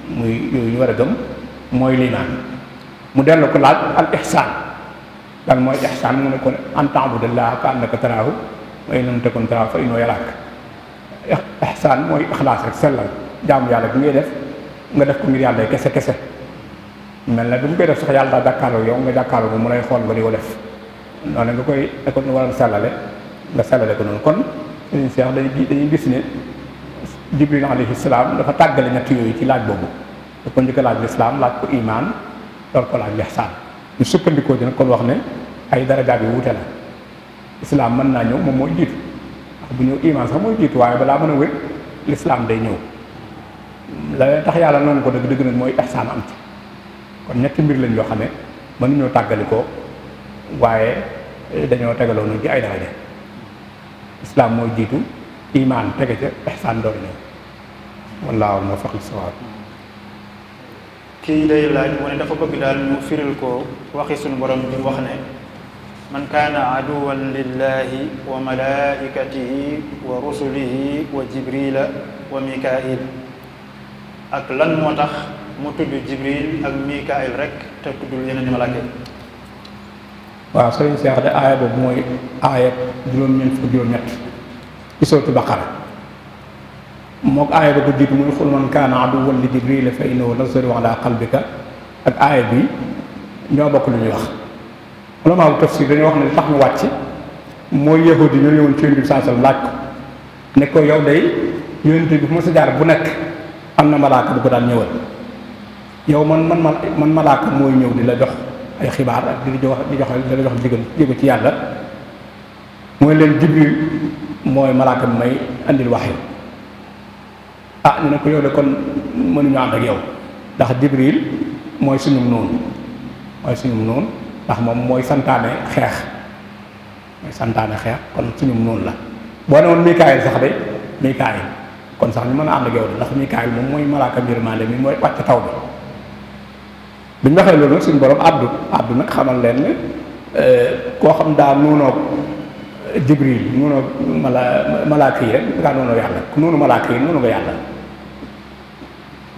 muy yooyu ñu war a gëm mooy liimaan mu dellu ko laal al ihsaan lan mooy ihsaan mu ne ko an ta'budallaha ka annaka taraahu wa in lam takun taraahu fa innahu mooy ixlaas rek sellal yàlla bi ngay def nga def ko ngir yàlla kese kese mel na bi mu koy def sax yàlla daa jàkkaarloo yow nga jàkkaarloo ko mu lay xool nga di ko def noonu nga koy nga ko war a sellale nga sellale ko noonu kon suñu seex dañuy gis ne jibril alayhi salaam dafa tàggale ñett yooyu ci laaj boobu da ko njëkk laaj lislaam laaj ko imaan door ko laaj lixsaan ñu sukkandikoo dina kon wax ne ay darajaat bi wute la islaam mën naa ñëw moom mooy jiitu ndax bu ñëw imaan sax mooy jiitu waaye balaa mën a wér lislaam day ñëw la tax yàlla noonu ko dëgg dëgg nag mooy ihsaan am ci kon ñetti mbir lañ yoo xam ne mën nañoo tàggali ko waaye dañoo tegaloonu ci ay daraja islaam mooy jiitu imaan tege ca ihsaan doon ñëw wallaahu moo faqi sawaab kii day laaj mu dafa bëgg daal ñu firil ko waxi suñu borom bi wax ne man kaana aduwan lillahi wa malaikatihi wa rusulihi wa jibrila wa mikail ak lan moo tax mu tudd jibril ak mikail rek te tuddul yeneen malaaka yi waaw sëriñ Seex de aaya boobu mooy aaya juróom-ñeent fukk juróom-ñett ci sootu baqara moog aaya ba ko jiitu muy xul man kaana aduwwan li jibril fa innahu nazzalahu ala qalbika ak aaya bi ñoo bokk lu ñuy wax ulama wax ne tax mu wàcc mooy yahudi ñoo ñëwoon ci yonent bi saa laaj ko ne ko yow day yonent bi fu jaar bu nekk am na malaaka bu ko daal ñëwal yow man man man malaaka mooy ñëw di la jox ay xibaar ak di jox di jox di la jox digal jéego ci yàlla mooy leen jibril mooy malaaka bi may andil waxyu ah ñu ne ko yow de kon mënuñu ànd ak yow ndax jibril mooy suñum noonu mooy suñum noonu ndax moom mooy santaane xeex mooy santaane xeex kon suñum noonu la boo ne woon mikaayil sax de mikaayil kon sax ñu mën a ànd ak yow de ndax mikaayil moom mooy malaaka mbirmaande mi mooy wàcc taw bi bi ñu waxee loolu nag suñu àddu àddu nag xamal leen ne eh, koo xam daa noonoo jibril noonu mala malaaka yi rek ngaa noonu yàlla noonu malaaka yi noonu nga yàlla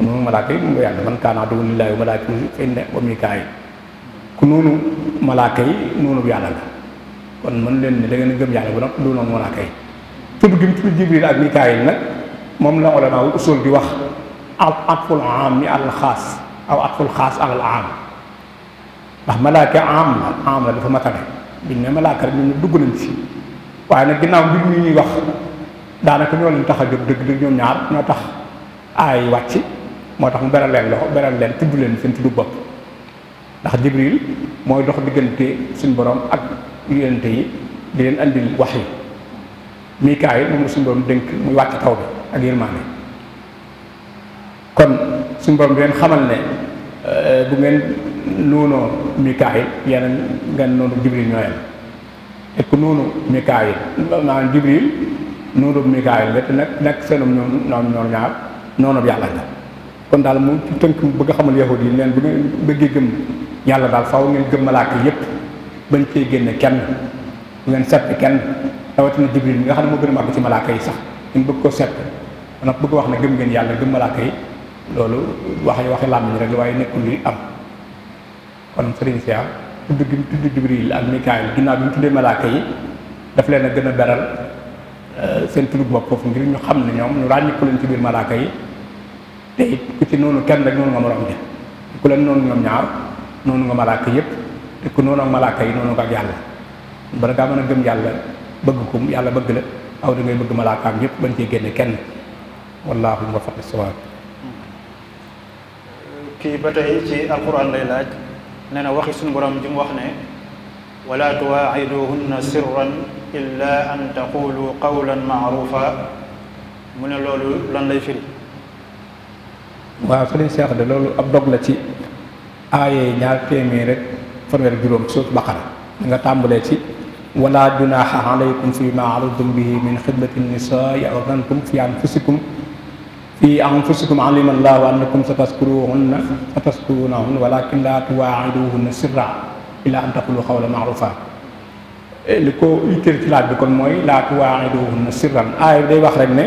noonu malaaka yi nga yàlla man kaa naa doon lillaahi malaaka yi fay ne ku noonu malaaka yi noonu yàlla la kon mën leen ne da ngeen gëm yàlla ba nag loolu noonu malaaka tudd gi tudd jibril ak mikaayil nag moom la ulamaa usul di wax al atful aam mi al xaas aw atful xaas al aam ndax malaaka aam la aam la dafa matale biñ ne malaaka rek waaye nag ginnaaw mbir mi ñuy wax daanaka ñoo leen tax a jóg dëgg dëgg ñoom ñaar ñoo tax aay wàcc moo tax mu beral leen loxo beral leen tudd leen seen tudd bopp ndax jibril mooy dox diggante suñ borom ak yonente yi di leen andil wax yi moom la dénk muy wàcc taw bi ak yërmaane kon suñ borom di leen xamal ne euh, bu ngeen noonoo mikaayil yeneen ngeen noonu jibril ñooyam ek noonu Mikaayil maanaam Jibril noonu Mikaayil la te nag nekk seenum ñoom ñoom ñoom ñaar noonu yàlla la kon daal mu ci tënk bëgg a xamal yi leen bu ngeen bëggee gëm yàlla daal faaw ngeen gëm malaaka yépp bañ cee génne kenn bu ngeen sepp kenn rawatina Jibril mi nga xam ne moo gën ci malaaka yi sax ngeen bëgg ko sepp nag bëgg wax ne gëm ngeen yàlla gëm malaaka yi loolu wax waxi làmmiñ rek waaye nekkul luy am kon sëriñ Cheikh tudd gi mu tudd Jibril ak Mikaayil ginnaaw bi mu tuddee malaaka yi daf leen a gën a beral euh, seen tudd bopp foofu ngir ñu xam ne ñoom ñu ràññiku leen ci biir malaaka yi te ku ci noonu kenn rek noonu nga moroom bi ku leen noonu ñoom ñaar noonu nga malaaka yépp te ku noonu ak malaaka yi noonu nga ak yàlla bala ngaa mën a gëm yàlla bëgg ko yàlla bëgg la aw da bëgg malaakaam yépp bañ cee génne kenn wallaahu muwaffiq as-sawaab kii ba tey ci alquran nee na waxi suñu borom wax ne wala tuwaaxiduhunna sirran illa an taqulu qawlan maarufa mu ne loolu lan lay firi waaw sëriñ Cheikh de loolu ab dog la ci aaye ñaar téeméer rek fanweer juróom baqara nga tàmbalee ci wala junaaxa alaykum fi ma bihi min xidmati nisaai aw fi anfusikum fi anfusikum alima allahu annakum satazkuruhunna satazkurunahunna walakin la tuwa'iduhunna sirra illa an taqulu qawlan ma'rufa li ko itteel ci bi kon mooy la tuwa'iduhunna sirran aay day wax rek ne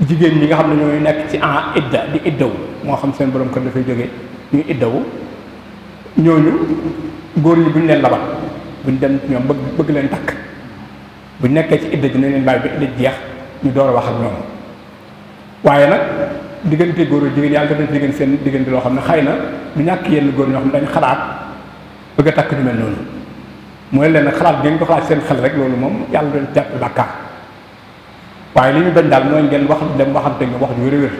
jigéen ñi nga xam ne ñooy nekk ci en idda di iddaw moo xam seen borom kër dafay jóge ñuy iddawu ñooñu góor ñi bu ñu leen labat bu ñu dem ñoom bëgg bëgg leen takk bu nekkee ci idda ji nañ leen bàyyi ba idda jeex ñu door a wax ak ñoom waaye nag diggante góor jigéen yàlla def na jigéen seen diggante loo xam ne xay na du ñàkk yenn góor ñoo xam ne dañ xalaat bëgg a takk ñu mel noonu mooy leen nag xalaat ngeen ko xalaat seen xel rek loolu moom yàlla doon jàpp bàkkaar waaye li ñu bañ daal mooy ngeen wax dem waxante ñoom wax ju wér wér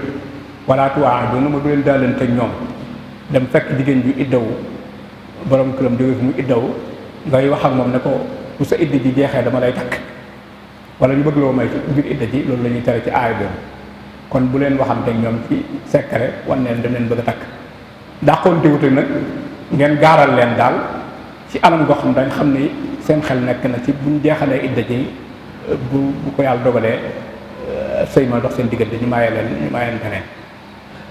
wala tuwaa na ma du leen daalante ñoom dem fekk jigéen ju iddaw borom këram jóge fi mu iddaw ngay wax ak moom ne ko bu sa idda ji jeexee dama lay takk ñu bëgg loo may biir ji loolu la ñuy tere ci aay kon bu leen waxante ñoom ci secret wan neen dañ leen bëgg a takk dàqoonte wuute nag ngeen gaaral leen daal ci anam goo xam dañ xam ni seen xel nekk na ci ñu jeexalee idda ji bu bu ko yàlla dogalee euh, sëy ma dox seen diggante ñu may leen ñu maye leen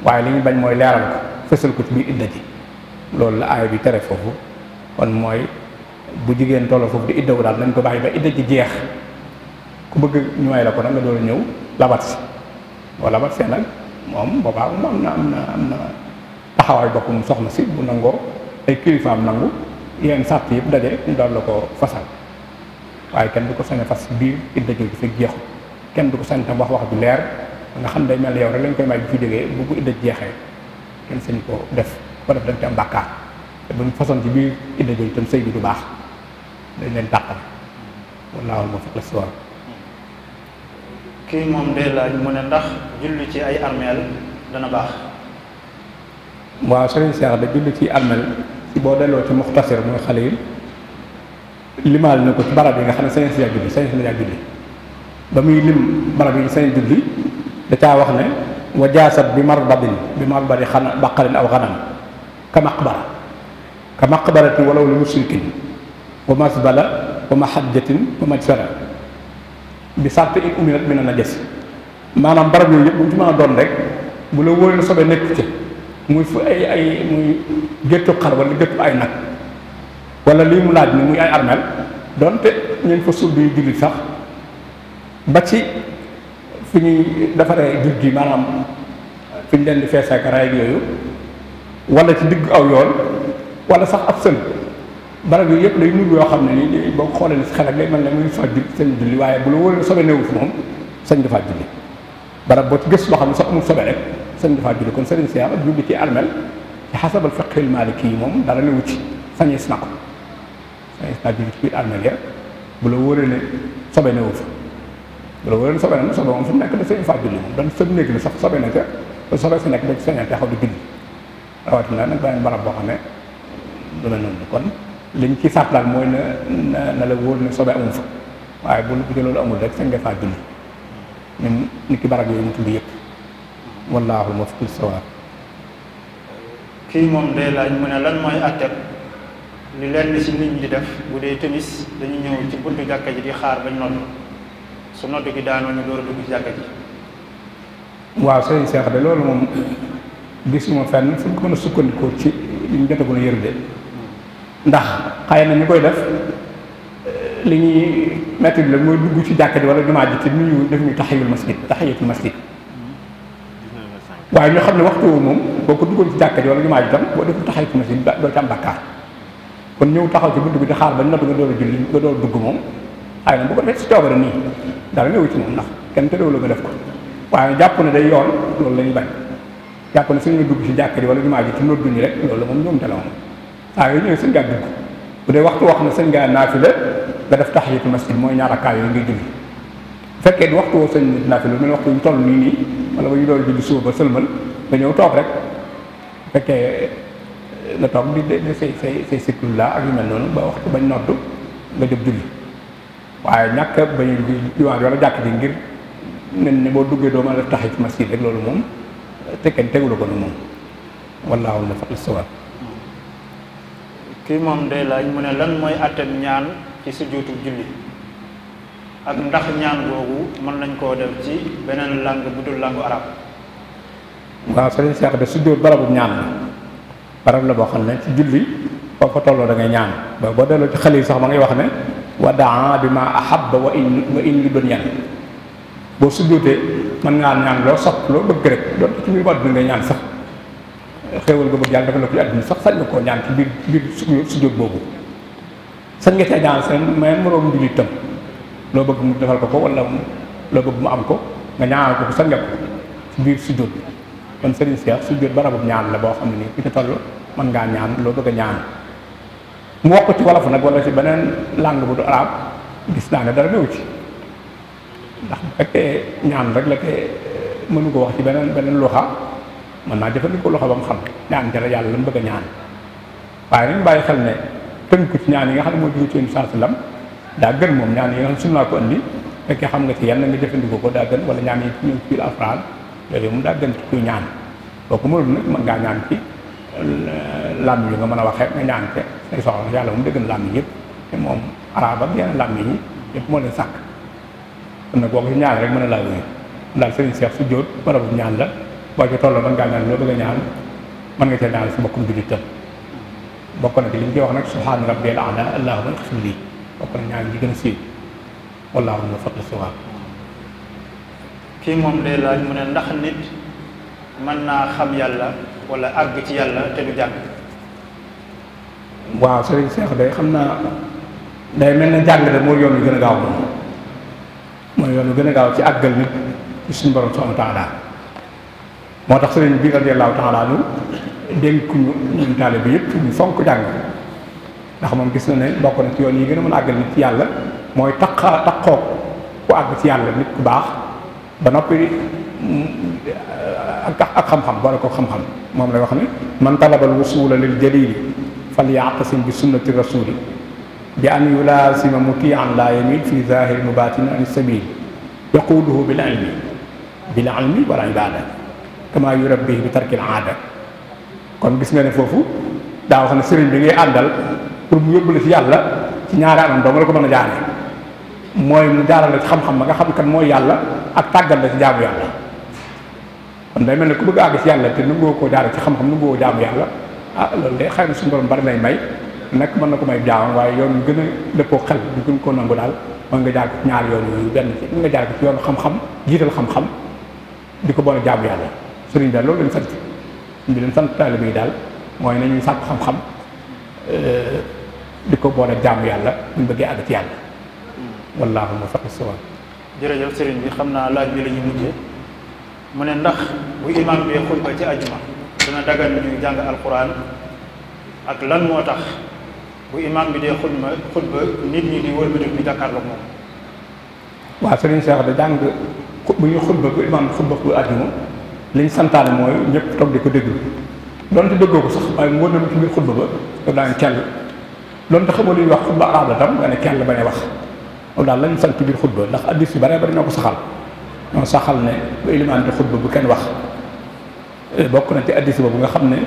waaye li ñu bañ mooy leeral ko fësal ko ci biir idda ji loolu la aaya bi tere foofu kon mooy bu jigéen tolloo foofu di iddawu daal nañ ko bàyyi ba idda ji jeex ku bëgg ñu may la ko nag nga doon ñëw labat si wala mat seen nag moom boobaa moom am na am na am na taxawaay boppam soxna si bu nangoo ay kilifaam nangu yenn sàtt yëpp daje ñu daal la ko fasal waaye kenn du ko sañ fas biir idda gi fi jeexu kenn du ko sañ tam wax wax bu leer nga xam day mel ne yow rek lañ koy may bi fi jógee bu bu idda jeexee kenn sañ ko def ko def dañ ci am bàkkaar te buñ façon ci biir idda gi itam sëy bi du baax dañ leen tàqal wallaahu moo fiq la kii moom day laaj mu ne ndax julli ci ay armeel dana baax waaw sëriñ Cheikh da ci armeel boo delloo ci muxtasir muy xale yi limaal na ko ci barab yi nga xam ne sëriñ Cheikh julli sëriñ Cheikh julli ba muy lim barab yi sëriñ julli da caa wax ne wa jaasat bi marbadin bi marbadi xana baqarin aw xanam ka maqbara ka maqbaratin walaw li mushrikin wa ma wa mahajjatin wa majsara bi sàrt in ummi nag mi ne na jës maanaam barab yooyu yëpp bu mu ci mën a doon rek bu la wóoree sobe nekk ci muy fu ay ay muy géttu xar wala géttu ay nag wala lii mu laaj ni muy ay armeel donte ñu fa suul bi jullit sax ba ci fi ñuy defaree jur gi maanaam fi ñu leen di feesee yooyu wala ci digg aw yoon wala sax ab sën barab yooyu yëpp day nuru yoo xam ne nii boo xoolee si xel ak day mel ne muy faa waaye bu la wóoree sobe néewu fi moom sañ dafaa barab boo ci gis loo xam ne sax amul sobe rek sañ dafaa julli kon sëriñ si yàlla julli ci armel ci xasabal fiqhil maliki yi moom dara newu ci sañees na ko sañees naa julli ci biir armel bu la wóoree ne sobe néewu fa bu la wóoree ne sobe na sobe moom fu nekk da sañ faa julli moom dan sëb néeg la sax sobe na ca ba sobe si nekk da sañante xaw di julli rawatina nag beneen barab boo xam ne du mel noonu kon liñ ci sàppalaat mooy na na na la wóor ne sobe amul fa waaye bu bu ci loolu amul rek sañ nga faa julli même nit ki barab yooyu mu tudd yëpp wallaahu muwaffiq sawaab moom day laaj mu lan mooy àtteb li lenn ci nit di def bu dee timis dañu ci buntu jàkka ji di xaar bañ su nodd gi daanoo ñu door a dugg ci jàkka ji waaw sëñ Cheikh ko mën a ci liñ jotagul yër de ndax xëy na ñu koy def euh, li ñuy métti la mooy dugg ci jàkka ji wala jumaa ji te nu ñu def ñu taxayul masjid taxayatul masjid waaye ñoo xam ne waxtu woowu moom boo ko duggoon ci jàkka ji wala jumaa ji tam boo deful taxayatul masjid doo ci am bakkaar kon ñëw taxaw ci buntu bi di xaar ba ñu nga door a julli nga door a dugg moom xëy na bu ko defee si coobare nii dara néew ci moom ndax kenn terewul la nga def ko waaye jàpp na day yoon loolu la ñuy bañ jàpp ne suñu dugg ci jàkka ji wala jumaa ji te noddu ñu rek loolu la moom te la taa yooyu ñëwee sëñ ngaa dugg bu dee waxtu wax na sëñ ngaa naafila nga def tahiyatul masjid mooy ñaar rakkaa yooyu ngay julli bu fekkee du waxtu woo sëñ naafila mel waxtu ñu toll ñu doon julli ba sëlmal nga ñëw toog rek bu fekkee eh, nga toog mel noonu bañ noddu nga jóg julli waaye ñàkk bañ a diwaan wala jàkk ji ngir nen ne boo duggee doo mën a def taxit masjid rek loolu moom eh, te kenn tegula ko nu moom wallaahu muwaffiq lis-sawaab kii moom de laaj mu ne lan mooy àtteeb ñaan ci sujjóotu julli ak ndax ñaan googu mën nañ koo def ci beneen langue bu dul langue arab waaw sëriñ Seex de sujjóot barabu ñaan la barab la boo xam ne ci julli boo fa tolloo da ngay ñaan ba boo delloo ci xale yi sax ma ngay wax ne wa daa bi ma ahabba wa in wa in li doon ñaan boo sujjóotee mën ngaa ñaan loo sopp loo bëgg rek doon ci muy wàdd na ngay ñaan sax xéewal nga bëgg yàlla dafa la ko àdduna sax sañ na koo ñaan ci biir biir su jóg boobu sañ nga cee ñaan seen mais moroom jullitam loo bëgg mu defal ko ko wala loo mu am ko nga ñaanal ko ko sañ nga ko biir su jóg kon Serigne Cheikh su jóg barabu ñaan la boo xam ne nii fi ci toll mën ngaa ñaan loo bëgg a ñaan mu wax ko ci wolof nag wala ci beneen langue bu du arab gis naa ne dara néew ci ndax mu fekkee ñaan rek la te mënu ko wax ci beneen beneen luxa mën naa jëfandikoo loxo ba mu xam ñaan jëla yàlla la mu a ñaan waaye nañ bàyyi ne tënku ci ñaan yi nga xam ne moo jóge ci yéen saa sallam daa gën moom ñaan yi nga xam naa ko andi fekkee xam nga ci yan nga jëfandikoo ko daa gën wala ñaan yi ñu ñëw ci biir alxuraan yooyu moom daa gën ci kuy ñaan boo ko mënul nag mën ngaa ñaan ci euh, làmm yi nga mën a wax waxee nga ñaan te say soxla yàlla moom dëgg gën làmm yi yëpp te moom arabam yenn làmm yi yëpp moo leen sàkk kon nag boo ko ci ñaan rek mën a laa wéy daal sëriñ Cheikh su jóot la boo ci tolloo mën ngaa ñaan loo bëgg ñaan mën nga cee ñaan si mbokkum jullit tam bokk na ci li ñu ci wax nag subhaana rabbiyal aala allahumma ighfir lii bokk na ñaan yi gën a siiw wallaahu muwaffiq lis-sawaab kii moom day ne ndax nit naa xam yàlla wala àgg ci yàlla te du jàng waaw sëriñ xam naa day mel na jàng de yoon wi gën a gaaw mooy yoon wi gën a gaaw ci àggal nit ci wa taala moo tax sëriñ bi radiyallaahu taala anhu dénkuñu ñun taalibe yëpp ñu fonk jàng ndax moom gis na ne bokk na ci yoon yi gën a mën a àggal nit ci yàlla mooy taqa taqoog ku àgg ci yàlla nit ku baax ba noppi ak ak xam-xam boole ko xam-xam moom lay wax ne man talabal wusula lil jalili fal ya'tasim bi sunnati rasuli bi an yulaasima mutian la yamil fi zahiri mubatin an sabil yaquduhu bil ilmi bil ilmi wala ibada kama yurabbi bi tarkil aada kon gis nga ne foofu daa wax ne sëriñ bi ngay àndal pour mu yóbbu la ci yàlla ci ñaari anam dong la ko mën a jaare mooy mu jaaral la ci xam-xam xam kan mooy yàlla ak tàggal la ci jaamu yàlla day mel ne ku àgg ci yàlla te nangoo koo jaare ci xam-xam nangoo jaamu yàlla ah loolu de xëy na suñu borom bari lay may nag mën na ko may jaamam waaye yoon gën a dëppoo xel ñu gën koo nangu daal mooy nga jaar ko ñaar yoon yooyu benn ci nga jaar ko ci yoon xam-xam jiital xam-xam di ko boole jaamu yàlla sëriñ daal loolu leen sant di leen sant taalibe yi daal mooy nañuy sàkk xam euh, ko boole yàlla bëggee àgg ci yàlla sëriñ bi xam naa laaj bi la ñuy mujjee mu ne ndax bu imaam bi xutba ci ajuma dana lan moo tax bu imaam bi dee xutba xutba nit ñi di bi di jàkkaarloo moom waaw sëriñ Cheikh da jàng bu ñu xutba bu imaam xutba bu ajuma liñ santaane mooy ñëpp toog di ko déglu donte déggoo ko sax waaye ngóor na ci biir xutba ba nga daan kell donte la tam wax loolu daal lañ sant biir xutba ndax addis yu bare ñoo ko saxal ñoo saxal ne bu ilimaan bu kenn wax bokk na ci addis boobu nga xam ne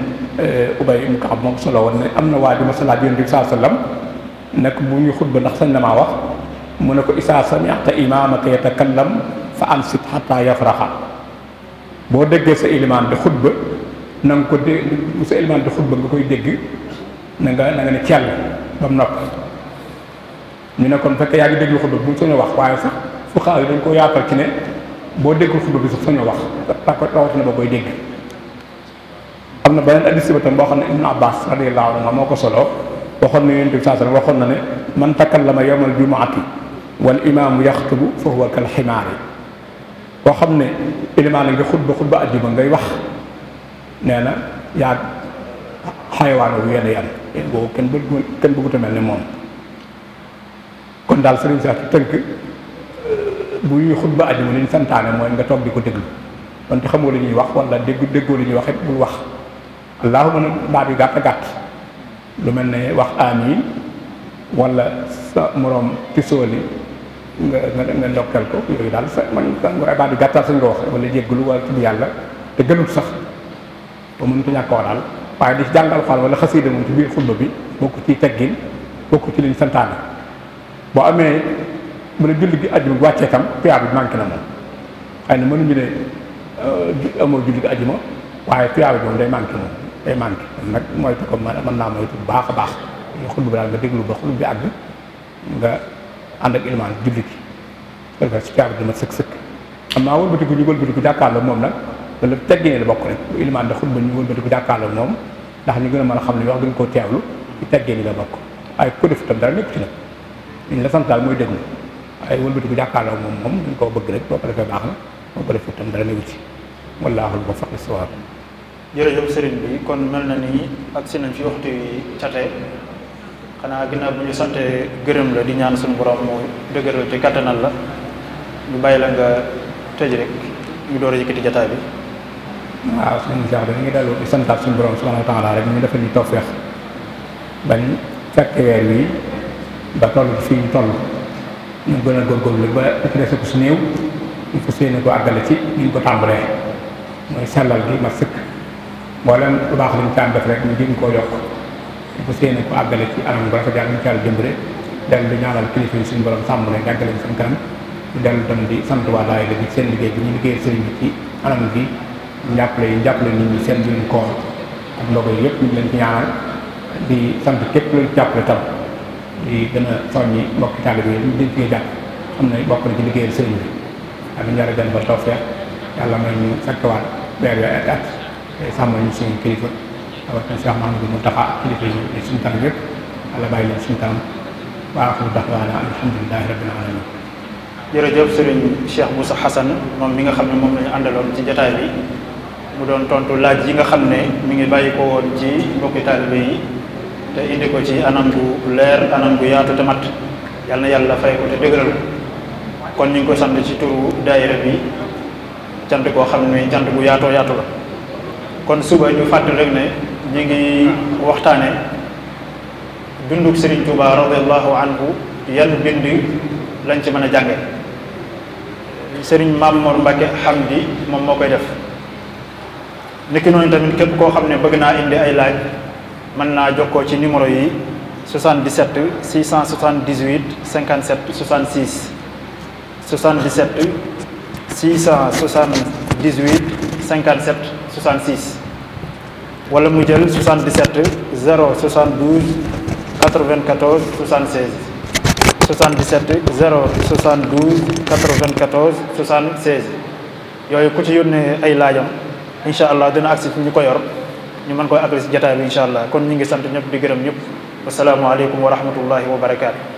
eh, ubay ibn kaab moom solo woon ne am na waa ju ma sa laaj yonent bi saa sallam nekk bu ñu xutba ndax sañ na maa wax mu ne ko isaa sami'ta imaamaka yatakallam fa ansit hatta yafraxa boo déggee sa ilimaan di xutba na ko dé sa ilimaan di xutba nga koy dégg na nga na nga ne cell ba mu noppi ñu ne kon fekk yaa ngi déglu xutba su soño wax waaye sax fu xaaw dañ koo yaatal ci ne boo déggul xutba bi sax soño wax rawatina ba koy dégg am na beneen hadiis ba tam boo xam ne Ibnu Abbaas radiyallaahu anhu moo ko solo waxoon na Yonent bi sallallaahu alayhi waxoon na ne man takkal la ma yawmal jumaati wal imaamu yaxtubu fa huwa kal ximaari koo xam ne ilimaana ngi xutba xutba ajjuma ngay wax nee na yaa xayawaan wu yéen a boobu kenn bëgg mel ni moom kon daal sëriñ sa tënk buy xutba ajjuma li ñu mooy nga toog di ko déglu wante xamoo li ñuy wax wala dégg déggoo li ñuy wax it bul wax allahuma na baat yu gàtt a gàtt lu mel ne wax amiin wala sa moroom tisooli nga nga ndokkal ko yooyu daal sa man baat bi gàttal sañ nga wax wala jéggalu wala tudd yàlla te gënul sax ba mënu ko ñàkk daal waaye di jàng alxuraan wala xasiida moom ci biir xutba bi bokk ci teggin bokk ci liñ santaane boo amee mën a julli gi ajjuma bu wàccee tam tuyaab bi manqué na moom xëy na mënuñu ne euh, amoo julli gi ajjuma waaye tuyaab boobu day manqué moom day manqué nag moytu ko mën naa moytu bu baax a baax xutba bi daal nga déglu ba xutba bi àgg nga ànd ak ilmaan julli gi dafa ci kaaba dama sëkk sëkk am naa wëlbatiku ñu wëlbatiku jàkkaarloo moom nag loolu teggin la bokk rek bu ilmaan da xutba ñu wëlbatiku jàkkaarloo ndax ñu gën a a xam li wax gën koo teewlu ci teggin la bokk waaye ku def itam dara nekk ci nag liñ la sant daal mooy déglu waaye jàkkaarloo moom moom dañ koo bëgg rek boo ko defee baax na boo ko defee itam dara nekk ci wallaahu ko faqi sawaab jërëjëf sëriñ bi kon mel na ni agsi nañ fi waxtu yi cate xanaa ginnaaw bu ñu sante gërëm la di ñaan suñu borom mu dëgëral te kattanal la ñu bàyyi la nga tëj rek ñu door a yëkkati jataay bi waaw sëñ Cheikh dañu ngi dellu di santaat suñu borom subhanahu wa taala ñu defal ñu tawfeex bañ fekk weer ba toll fii ñu toll ñu a góorgóorlu ko su néew ñu fas yéene ko àggale si ni ñu ko tàmbalee mooy sellal gi ma sëkk mboolem lu baax lu ñu daan rek ñu jéem koo yokk parce que yéen ko àggale ci anam bu rafet yàlla ñu caal jëmbale dellu di ñaanal kilifa yi suñu borom sàmm leen sant waa daayira bi seen liggéey bi ci anam bi ñu jàppale ñu jàppale ñi seen biir koor ak ndogo yi yëpp ñu leen ci ñaanal sant képp lu jàppale tam di gën a soññi mbokk taalibe yi di fi jàpp xam ne bokk ci liggéeyal sëriñ bi ak ñu yàlla gën ba tawfeex yàlla may ñu fekkewaat suñu kilifa rawatina Cheikh Mahamadou Mountakha ak kilifa yi ne suñu kanam yëpp Yàlla bàyyi leen suñu kanam wa axiru da'waana alhamdulillahi rabbil alamin jërëjëf sëriñ Cheikh Moussa Hassan moom mi nga xam ne moom la ñu àndaloon ci jataay bi mu doon tontu laaj yi nga xam ne mu ngi bàyyi ko woon ci mbokki taalibe yi te indi ko ci anam bu leer anam bu yaatu te mat yàlla na yàlla fay ko te dëgëral ko kon ñu ngi ko sant ci turu daayira bi cant koo xam ne cant gu yaatoo yaatu la kon suba ñu ñi ngi waxtaane dunduk sëriñ Touba radiallahu anhu yan bind lañ ci mën a jànge Serigne Mame Mor Mbacke Hamdi moom moo koy def niki noonu tamit képp koo xam ne bëgg naa indi ay laaj mën naa jokkoo ci numéro yi 77 678 57 66 77 678 57 66 wala mu jël 77 072 94 76 77 072 94 76 yooyu ku ci yónnee ay laajam incha allah dina agsi fi ñu ko yor ñu mën koy agsi si jataay bi incha allah kon ñu ngi sant ñëpp di gërëm ñëpp wasalaamualeykum wa rahmatullahi wa barakaatu.